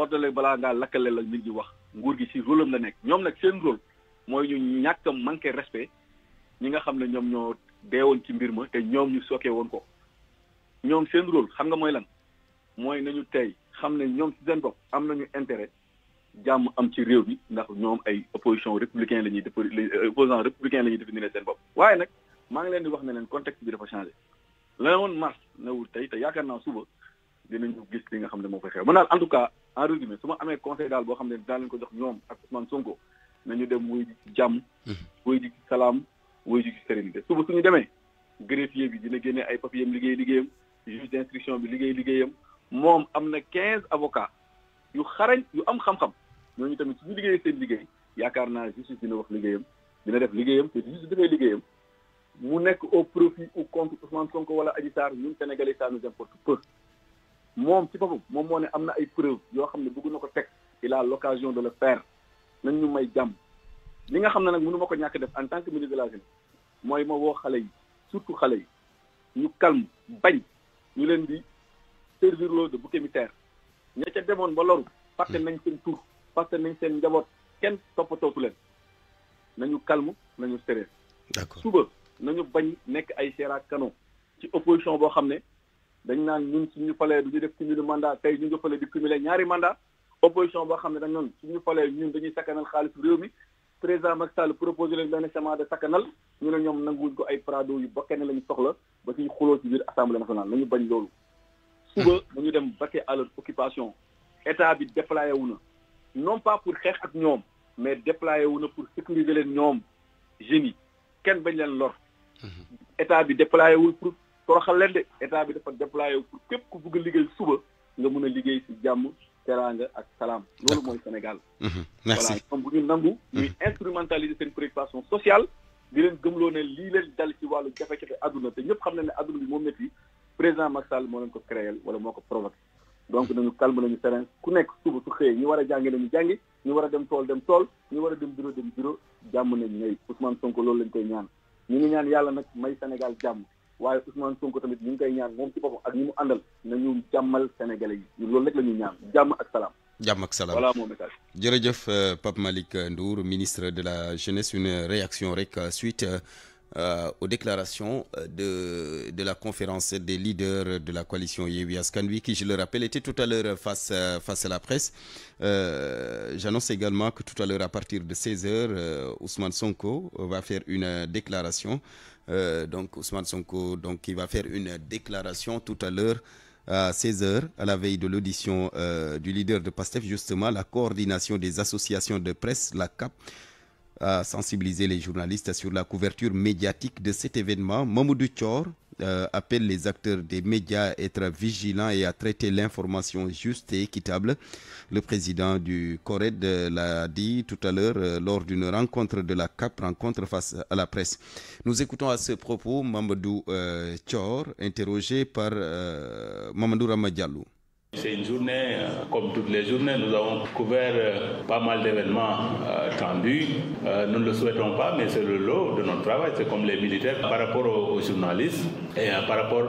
S9: xottale balaa ngaa lakkale la nit ñi wax nguur gi si rôle am la ñoom nag seen rôle mooy ñu ñàkk a manqué respect ñi nga xam ne ñoom ñoo deewoon ci mbir ma te ñoom ñu sooke woon ko ñoom seen rôle xam nga mooy lan mooy nañu tey xam ne ñoom si seen bopp am na ñu intérêt jàmm am ci réew bi ndax ñoom ay opposition républicain la ñuy def opposant républicain la ñuy définir seen bopp waaye nag maa ngi leen di wax ne leen contexte bi dafa changé la woon mars newul tey te yaakaar naa suba dinañu gis li nga xam ne moo koy xew en tout cas en résumé su ma amee conseil daal boo xam ne dinaa leen ko jox ñoom ak Ousmane Sonko nañu dem wuy ji jàmm. Mhm. wuy ji salaam wuy ji sérénité suba suñu demee greffier bi dina génne ay papiyam liggéey liggéeyam juge d'instruction bi liggéey liggéeyam moom am na quinze avocats yu xarañ yu am xam-xam ñooñu tamit suñu liggéey seen liggéey yaakaar naa justice dina wax liggéeyam dina def liggéeyam te justice dafay liggéeyam mu nekk au profit ou contre Ousmane wala Adji Sarr ñun Sénégalais ça nous importe peu moom ci boppam moom moo ne am na ay preuve yoo xam ne bëgg na ko teg il a l'occasion de le faire nañ ñu may jàmm li nga xam ne nag mënu ma ko ñàkk def en tant que ministre de la jeunesse mooy ma woo xale yi surtout xale yi ñu calme bañ ñu leen di servir loo de bouc émissaire ña ca demoon ba loru fàtte nañ seen tur fàtte nañ seen njaboot kenn toppatootu leen nañu calme nañu sérieux d'accord suba nañu bañ nekk ay séra à ci opposition boo xam ne dañu naan ñun suñu falee du ñu def cumul mandat tey ñu nga falee di cumuler ñaari mandat opposition boo xam ne dañ noon suñu falee ñun dañuy sakkanal xaalisu réew mi président Macky Sall proposé leen benn chemin de sakkanal ñu ne ñoom nanguwuñ ko ay prado yu bokkee ne lañu soxla ba ciy xuloo ci biir assemblée nationale nañu bañ loolu suba hmm. nañu dem bate à leur occupation état bi déployé wu na non pas pour xeex ak ñoom mais déployé wu na pour sécuriser leen ñoom jeunes kenn bañ leen lor hmm. état bi déployé wul pour toroxal leen de état bi dafa déployé wu pour képp ku bugg a liggéey suba nga mun a liggéey si jàmm teraanga ak salaam loolu mooy Sénégal
S11: mhm. merci
S9: voilà bu ñu nangu mhm. ñuy instrumentaliser seen préoccupation sociale di leen gëmloo ne lii leen dal ci wàllu jafe-jafe àdduna te ñëpp xam ne ne àdduna bi moom métti président Macky Sall moo leen ko créé wala moo ko provoqué donc nañu calme nañu terrain ku nekk suba su xëyee ñu war a jàngi nañu jàngi ñu war a dem tool dem tool ñu war a dem bureau dem bureau jàmm nañ ñooy Ousmane loolu lañ koy ñaan ñu ngi ñaan yàlla nag may Sénégal jàmm waaye Ousmane Sonko
S1: euh, Ndour ministre de la jeunesse une réaction euh, suite. Euh, euh, aux déclarations euh, de, de, la conférence des leaders de la coalition Yewi Askanwi, qui, je le rappelle, était tout à l'heure face, euh, face à la presse. J'annonce également que tout à l'heure, à partir de 16h, Ousmane Sonko va faire une déclaration. donc, Ousmane Sonko, donc, il va faire une déclaration tout à l'heure à 16h, à la veille de l'audition du leader de PASTEF, justement, la coordination des associations de presse, la CAP, à sensibiliser les journalistes sur la couverture médiatique de cet événement. Mamoudou Chor euh, appelle les acteurs des médias à être vigilants et à traiter l'information juste et équitable. Le président du Corée euh, l'a dit tout à l'heure euh, lors d'une rencontre de la CAP, rencontre face à la presse. Nous écoutons à ce propos Mamoudou Chor, interrogé par Mamadou Ramadialou.
S12: C'est une journée, euh, comme toutes les journées, nous avons couvert euh, pas mal d'événements euh, tendus. Nous ne le souhaitons pas, mais c'est le lot de notre travail. C'est comme les militaires par rapport aux journalistes et par rapport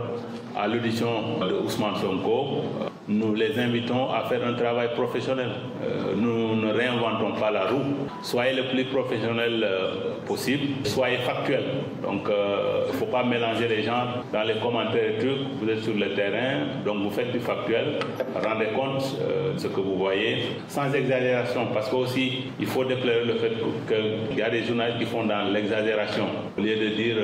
S12: à l'audition de Ousmane Sonko, nous les invitons à faire un travail professionnel. Euh, nous ne réinventons pas la roue. Soyez le plus professionnel euh, possible, soyez factuel. Donc, euh, il ne faut pas mélanger les gens dans les commentaires et trucs. Vous êtes sur le terrain, donc vous faites du factuel, rendez compte de ce que vous voyez, sans exagération, parce qu'aussi, il faut déplorer le fait qu'il y a des journalistes qui font dans l'exagération. Au lieu de dire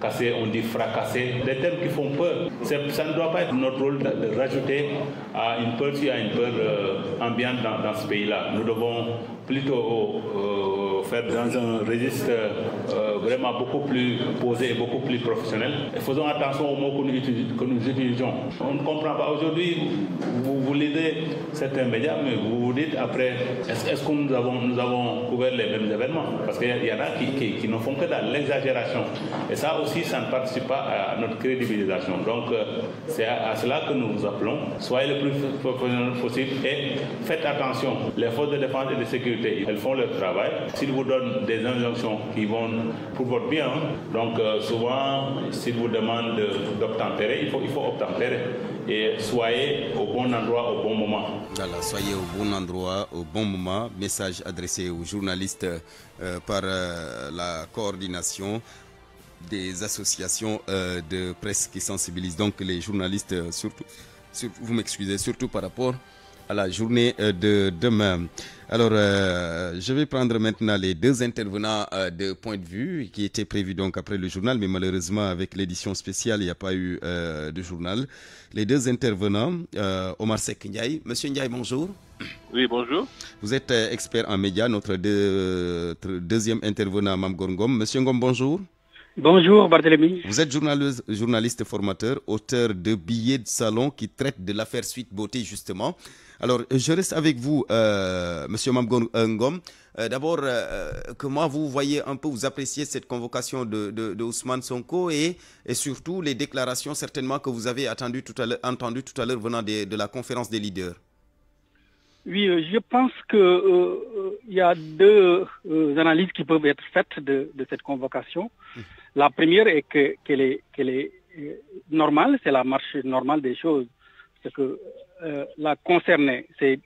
S12: cassé, casser, on dit fracasser. Des termes qui font peur. Ça ne doit pas être notre rôle de, rajouter à euh, une peur, à une peur euh, ambiante dans, ce pays-là. Nous devons plutôt faire dans un registre euh, vraiment beaucoup plus posé beaucoup plus professionnel. faisons attention aux mots que nous, utilisons, On ne comprend pas. Aujourd'hui, vous, vous lisez certains médias, mais vous vous dites après, est-ce que nous avons, nous avons couvert les mêmes événements Parce qu'il y, en a qui, qui, ne font que dans l'exagération. Et ça aussi, ça ne participe pas à notre crédibilisation. Donc, euh, c'est à, cela que nous vous appelons. Soyez le plus professionnel possible et faites attention. Les forces de défense et de sécurité, elles font leur travail. Si il vous donne des injonctions qui vont pour votre bien, donc euh, souvent, s'il vous demande d'obtempérer, il faut, obtempérer. Et soyez au bon endroit au bon moment. Voilà,
S1: soyez au bon endroit au bon moment. Message adressé aux journalistes euh, par euh, la coordination des associations de presse qui sensibilisent donc les journalistes, surtout, surtout vous m'excusez, surtout par rapport à la journée euh, de demain. Alors, euh, je vais prendre maintenant les deux intervenants euh, de point de vue qui étaient prévus donc après le journal, mais malheureusement avec l'édition spéciale, il n'y a pas eu de journal. Les deux intervenants, Omar Sek Ndiaye. Monsieur Ndiaye, bonjour. Oui, bonjour. Vous êtes expert en médias, notre deuxième intervenant, Mam Gorngom. Monsieur Ngom, bonjour. Bonjour Barthélémy Vous êtes journaliste, journaliste formateur, auteur de billets de salon qui traite de l'affaire Suite Beauté justement. Alors, je reste avec vous, euh, Monsieur Mamgon euh, Ngom. Euh, d'abord, euh, que moi vous voyez un peu, vous appréciez cette convocation de, Ousmane Sonko et, surtout les déclarations certainement que vous avez entendues tout à l'heure venant de la conférence des leaders Oui, je pense qu'il
S13: il y a deux analyses qui peuvent être faites de, cette convocation. Hmm. La première est qu'elle est, est normale, c'est la marche normale des choses. C'est que euh, la concernée, C'est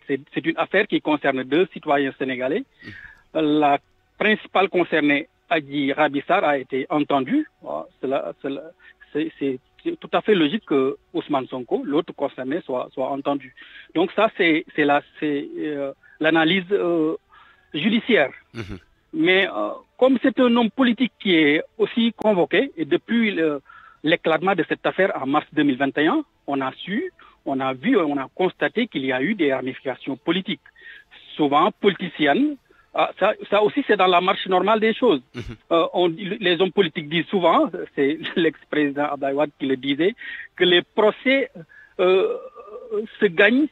S13: une affaire qui concerne deux citoyens sénégalais. La principale concernée, Adi Rabissar, a été entendue. c'est tout à fait logique que Ousmane Sonko, l'autre concerné, soit, soit entendu. Donc ça, c'est euh, l'analyse la, euh, judiciaire. Mhm. Mais euh, comme c'est un homme politique qui est aussi convoqué, et depuis l'éclatement de cette affaire en mars 2021, on a su on a vu, on a constaté qu'il y a eu des ramifications politiques, souvent politiciennes. Ah, ça, aussi, c'est dans la marche normale des choses. Mhm. Euh, les hommes politiques disent souvent, c'est l'ex-président Abayouad qui le disait, que les procès euh, se gagnent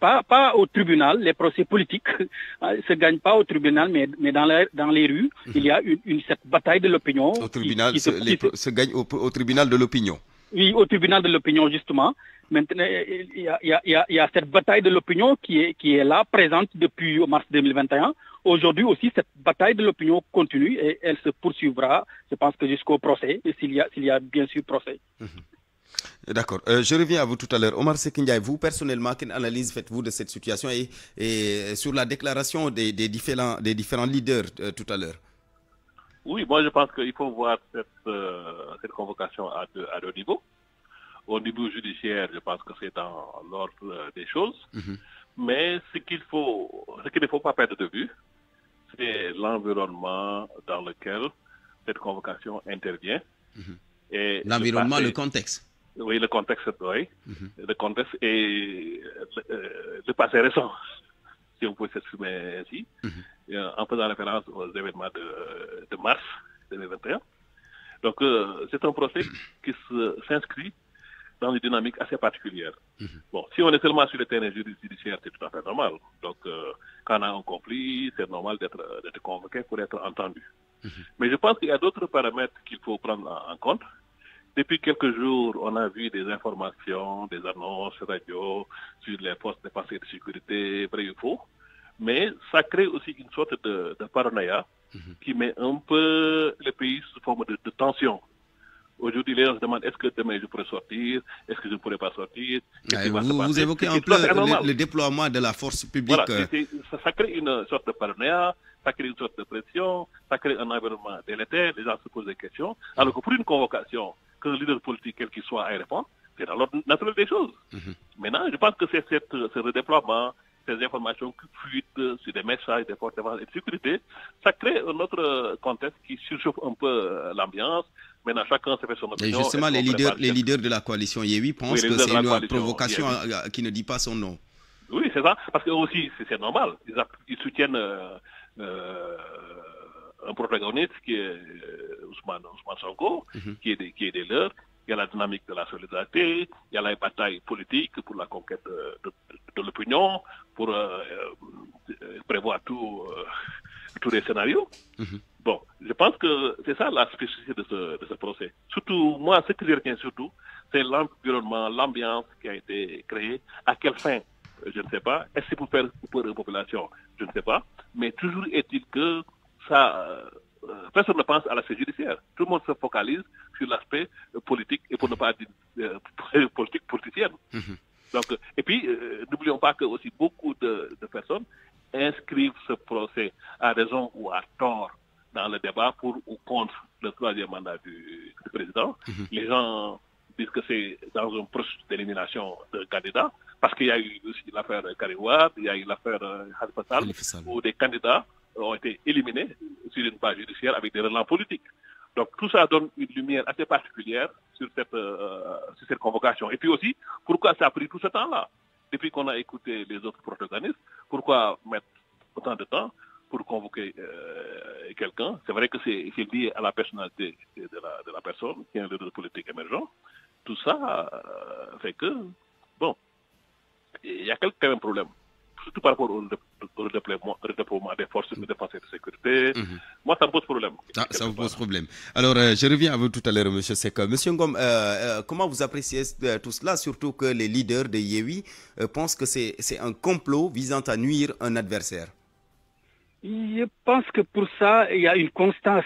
S13: pas, au tribunal, les procès politiques hein, se gagnent pas au tribunal, mais, dans, dans les rues, mhm. il y a une, cette bataille de l'opinion. se,
S1: gagne au tribunal de l'opinion.
S13: Oui, au tribunal de l'opinion, justement. Maintenant, il y a, cette bataille de l'opinion qui est, là, présente depuis mars 2021. Aujourd'hui aussi, cette bataille de l'opinion continue et elle se poursuivra, je pense que jusqu'au procès, s'il y, a, y a bien sûr procès.
S1: Mhm. D'accord. Euh, je reviens à vous tout à l'heure. Omar Sekindiaï, vous personnellement, quelle analyse faites-vous de cette situation et, sur la déclaration des, différents, des différents leaders euh, tout à l'heure
S10: Oui, moi je pense qu'il faut voir cette, euh, convocation à à deux niveaux. Au niveau judiciaire, je pense que c'est dans l'ordre euh, des choses. Mhm. Mais ce qu'il faut, ce qu'il ne faut pas perdre de vue, c'est l'environnement dans lequel cette convocation intervient. Mhm. L'environnement, le contexte. Oui, le contexte, oui. Mhm. Le contexte et euh, le, passé récent si on peut s'exprimer ainsi, euh, en faisant référence aux événements de, mars 2021. Donc, c'est un procès qui s'inscrit dans une dynamique assez particulière. Mhm. Bon, si on est seulement sur le terrain judiciaire, c'est tout à fait normal. Donc, euh, quand on a un conflit, c'est normal d'être convoqué pour être entendu. Mhm. Mais je pense qu'il y a d'autres paramètres qu'il faut prendre en, compte. Depuis quelques jours, on a vu des informations, des annonces radio sur les postes de passé de sécurité, vrai ou faux. Mais ça crée aussi une sorte de, paranoïa mhm. qui met un peu le pays sous forme de tension. Aujourd'hui, les gens se demandent est-ce que demain je pourrais sortir, est-ce que je ne pourrais pas sortir.
S1: vous, évoquez un peu le, déploiement de la force publique. Euh.
S10: ça, crée une sorte de paranoïa, ça crée une sorte de pression, ça crée un environnement délétère, les gens se posent des questions. Mm-hmm. Alors que pour une convocation, que le leader politique, quel qu'il soit, aille répondre, c'est dans l'ordre naturel des choses. Mm-hmm. Maintenant, je pense que c'est ce redéploiement, ces informations qui fuitent sur des messages des forces de sécurité, ça crée un autre contexte qui surchauffe un peu euh, l'ambiance, Maintenant, chacun se fait son opinion. Et justement, les leaders, les
S1: leaders de la coalition Yéwi pensent que c'est une provocation euh, qui ne dit pas son nom.
S10: Oui, c'est ça. Parce que aussi, c'est normal. Ils, soutiennent euh, euh, un protagoniste qui est Ousmane, Ousmane mhm. qui, est des, leurs. Il y a la dynamique de la solidarité, il y a la bataille politique pour la conquête de, l'opinion, pour prévoir tous les scénarios. Mhm. Bon, je pense que c'est ça la spécificité de ce, procès. Surtout, moi, ce que je retiens surtout, c'est l'environnement, l'ambiance qui a été créée. À quelle fin Je ne sais pas. Est-ce que pour faire pour la population Je ne sais pas. Mais toujours est-il que ça... Euh, euh, personne ne pense à l'aspect judiciaire. Tout le monde se focalise sur l'aspect politique et pour ne pas dire euh, politique politicienne. Mhm. Donc, et puis, n'oublions pas que aussi beaucoup de personnes inscrivent ce procès à raison ou à tort dans le débat pour ou contre le troisième mandat du, président. Mhm. Les gens disent que c'est dans un processus d'élimination de candidats, parce qu'il y a eu aussi l'affaire Kariwad, il y a eu l'affaire euh, où des candidats ont été éliminés sur une base judiciaire avec des relents politiques. Donc tout ça donne une lumière assez particulière sur euh, sur cette convocation. Et puis aussi, pourquoi ça a pris tout ce temps-là Depuis qu'on a écouté les autres protagonistes, pourquoi mettre autant de temps pour convoquer euh, quelqu'un. C'est vrai que c'est lié à la personnalité de la, personne, qui est un leader politique émergent. Tout ça euh, fait que, bon, il y a quand même problème, surtout par rapport au, redéploiement, des forces de défense et de sécurité. Mhm. Moi, ça me pose problème.
S1: Ah, ça vous pose problème. Alors, euh, je reviens à vous tout à l'heure, M. Seka. Monsieur Ngom, comment vous appréciez tout cela, surtout que les leaders de Yewi pensent que c'est un complot visant à nuire un adversaire je pense que pour
S13: ça, il y a une constance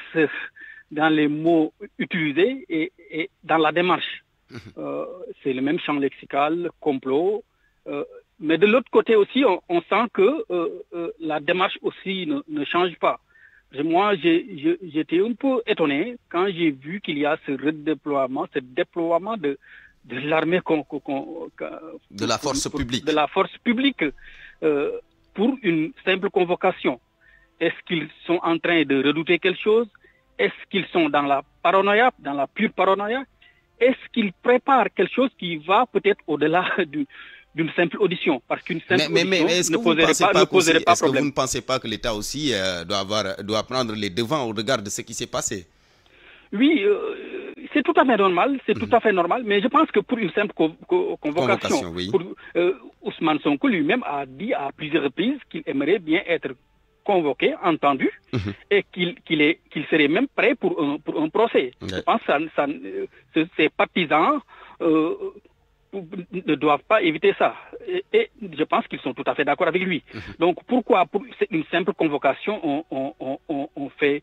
S13: dans les mots utilisés et, dans la démarche. Mhm. Euh, c'est le même champ lexical, complot. Euh, mais de l'autre côté aussi, on, sent que euh, la démarche aussi ne, change pas. Moi, j'étais un peu étonné quand j'ai vu qu'il y a ce redéploiement, ce déploiement de, l'armée de la force publique. De la force publique pour une simple convocation. Est-ce qu'ils sont en train de redouter quelque chose Est-ce qu'ils sont dans la paranoïa, dans la pure paranoïa Est-ce qu'ils préparent quelque chose qui va peut-être au-delà d'une simple audition, parce qu'une simple audition ne poserait pas, que vous ne
S1: pensez pas que l'État aussi euh, doit, avoir, doit prendre les devants au regard de ce qui s'est passé
S13: Oui, euh, c'est tout à fait normal, c'est mhm. tout à fait normal, mais je pense que pour une simple convocation, euh, Ousmane Sonko lui-même a dit à plusieurs reprises qu'il aimerait bien être convoqué, entendu, mhm. et qu'il est qu'il serait même prêt pour un, procès. Je pense que euh, ces partisans euh, ne doivent pas éviter ça. Et, je pense qu'ils sont tout à fait d'accord avec lui. Mhm. Donc pourquoi, pour une simple convocation, on, fait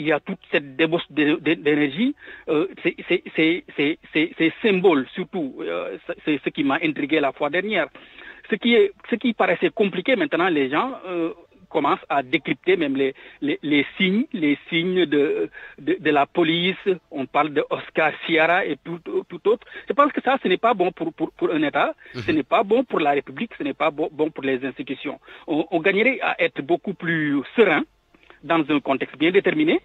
S13: il y a toute cette débauche d'énergie, euh, c'est symbole surtout, c'est ce qui m'a intrigué la fois dernière. Ce qui, est, ce qui paraissait compliqué maintenant, les gens commence à décrypter même les, signes, les signes de, de, la police. On parle de Oscar Sierra et tout, autre. Je pense que ça, ce n'est pas bon pour, un État, ce mhm. n'est pas bon pour la République, ce n'est pas bon, pour les institutions. On, gagnerait à être beaucoup plus serein dans un contexte bien déterminé.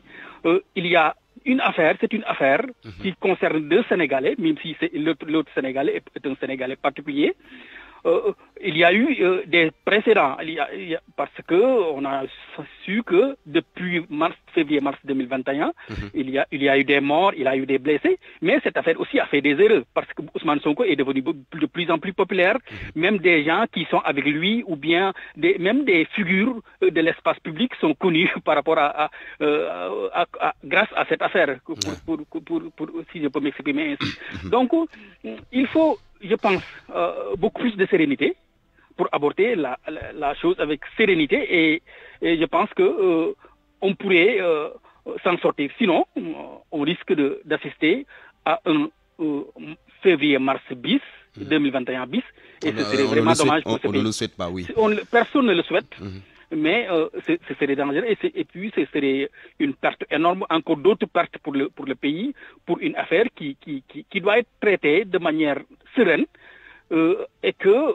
S13: Euh, il y a une affaire, c'est une affaire mhm. qui concerne deux Sénégalais, même si l'autre Sénégalais est un Sénégalais particulier. Euh, il y a eu euh, des précédents, a, parce qu'on a su que depuis février-mars 2021, mhm. il, y a, il y a eu des morts, il y a eu des blessés, mais cette affaire aussi a fait des erreurs, parce que Ousmane Sonko est devenu de plus en plus populaire, mhm. même des gens qui sont avec lui, ou bien des, même des figures euh, de l'espace public sont connues par rapport à, grâce à cette affaire, si je peux m'exprimer ainsi. Mhm. Donc, il faut je pense, euh, beaucoup plus de sérénité pour aborder la, la, chose avec sérénité et, je pense que euh, on pourrait euh, s'en sortir. Sinon, on risque d'assister à un février-mars bis, 2021 mm. bis, et ce serait vraiment dommage pour on, ce On ne le souhaite pas, oui. personne ne le souhaite. Mm-hmm mais euh, ce serait dangereux et, puis ce serait une perte énorme, encore d'autres pertes pour le, pour le pays, pour une affaire qui, qui, qui, qui doit être traitée de manière sereine, euh, et que euh,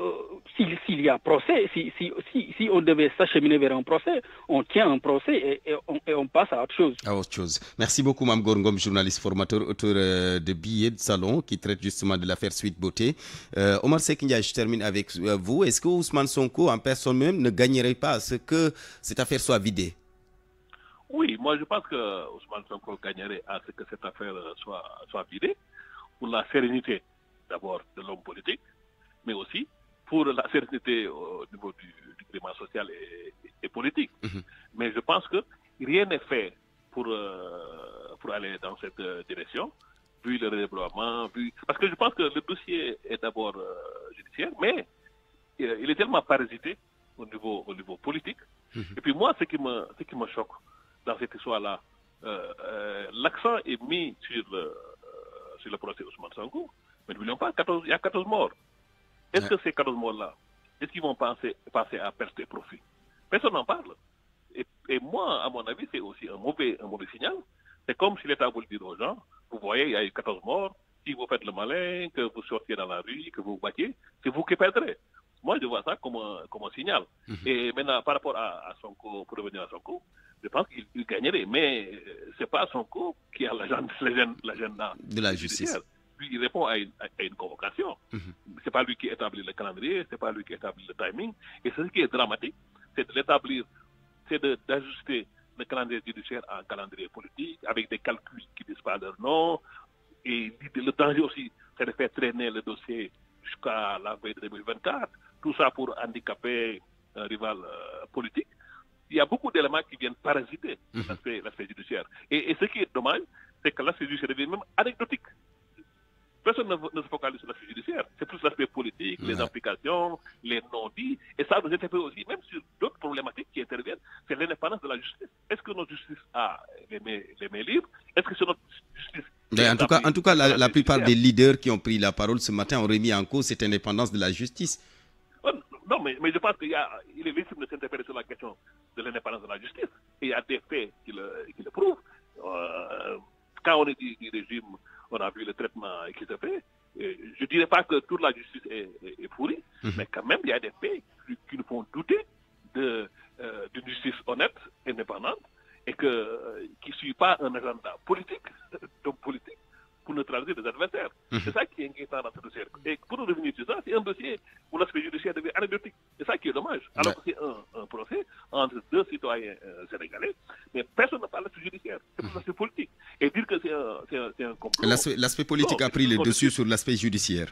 S13: s'il y a procès, si, on devait s'acheminer vers un procès, on tient un procès et, on, passe à
S1: autre chose. À autre chose. Merci beaucoup, Mme Gorgom, journaliste formateur, auteur euh, de billets de salon qui traite justement de l'affaire Suite Beauté. Omar Sekindia, je termine avec vous. Est-ce que Ousmane Sonko, en personne même, ne gagnerait pas à ce que cette affaire soit vidée
S10: Oui, moi je pense que Ousmane Sonko gagnerait à ce que cette affaire soit vidée pour la sérénité d'abord de l'homme politique mais aussi pour la sérénité euh, au niveau du, climat social et, politique. Mhm. Mais je pense que rien n'est fait pour, euh, pour aller dans cette euh, direction, vu le redéploiement, vu... Parce que je pense que le dossier est d'abord judiciaire, mais il est tellement parasité au niveau, au niveau politique. Mhm. Et puis moi, ce qui me, ce qui me choque dans cette histoire-là, l'accent est mis sur le, sur le procès Ousmane Sango, mais n'oublions pas, il y a 14 morts. Est-ce que ces 14 morts-là, est-ce qu'ils vont passer, passer à perte de profit Personne n'en parle. Et, moi, à mon avis, c'est aussi un mauvais, un mauvais signal. C'est comme si l'État voulait dire aux gens, vous voyez, il y a eu 14 morts, si vous faites le malin, que vous sortiez dans la rue, que vous vous c'est vous qui perdrez. Moi, je vois ça comme un, comme signal. Mhm. Et maintenant, par rapport à, son coup pour revenir à son coup, je pense qu'il gagnerait. Mais euh, ce n'est pas son coup qui a la de la justice il répond à une, convocation. Mhm. C'est pas lui qui établit le calendrier, c'est pas lui qui établit le timing. Et ce qui est dramatique, c'est de l'établir, c'est d'ajuster le calendrier judiciaire à un calendrier politique, avec des calculs qui ne disent pas leur nom. Et le danger aussi, c'est de faire traîner le dossier jusqu'à la veille de 2024. Tout ça pour handicaper un rival euh, politique. Il y a beaucoup d'éléments qui viennent parasiter mhm. l'aspect judiciaire. Et, et, ce qui est dommage, c'est que l'aspect judiciaire devient même anecdotique. Personne ne, se focalise sur l'aspect judiciaire. C'est plus l'aspect politique, les implications, les non-dits. Et ça nous interpelle aussi, même sur d'autres problématiques qui interviennent. C'est l'indépendance de la justice. Est-ce que notre justice a les mains, libres Est-ce que c'est notre justice
S1: Mais en, tout cas, la, plupart des leaders qui ont pris la parole ce matin ont remis en cause cette indépendance de la justice.
S10: Non, mais, je pense qu'il est visible de s'interpeller sur la question de l'indépendance de la justice. Et il y a des faits qui le, prouvent. Euh, quand on est du régime on a vu le traitement qui se fait. je ne dirais pas que toute la justice est, fourrie, pourrie, mhm. mais quand même, il y a des pays qui, nous font douter euh, d'une justice honnête, indépendante, et que, euh, qui ne suit pas un agenda politique, donc politique, pour neutraliser des adversaires. Mhm. C'est ça qui est inquiétant dans ce dossier. Et pour revenir sur ça, c'est un dossier où l'aspect judiciaire devient anecdotique. C'est ça qui est dommage. Alors que c'est un, un, procès entre deux citoyens euh, sénégalais, mais personne n'a parlé l'aspect judiciaire. C'est pour mhm. l'aspect politique. Et dire que c'est un, un, complot. L'aspect
S1: politique a pris le dessus sur l'aspect judiciaire.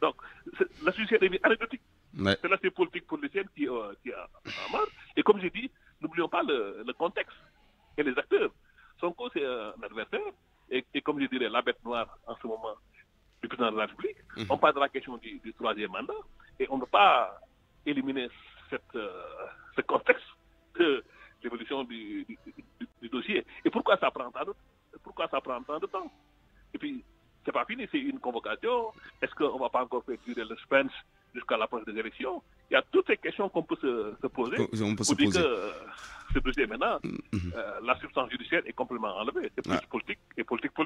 S10: Donc, l'aspect judiciaire devient anecdotique. C'est l'aspect politique pour qui, euh, qui a, a mort. Et comme j'ai dit, n'oublions pas le, le contexte et les acteurs. Son cause, c'est un adversaire et, comme je dirais, la bête noire en ce moment du président de la République. Mhm. On parle de la question du, troisième mandat et on ne peut pas éliminer cette, euh, ce contexte de l'évolution du, dossier. Et pourquoi ça prend tant de, pourquoi ça prend tant de temps Et puis, c'est pas fini, c'est une convocation. Est-ce qu'on ne va pas encore faire durer le suspense jusqu'à la prochaine élection? Il y a toutes ces questions qu'on peut se, poser. On peut ce dossier maintenant, mm-hmm. euh, la substance judiciaire est complètement enlevée. C'est plus politique et politique,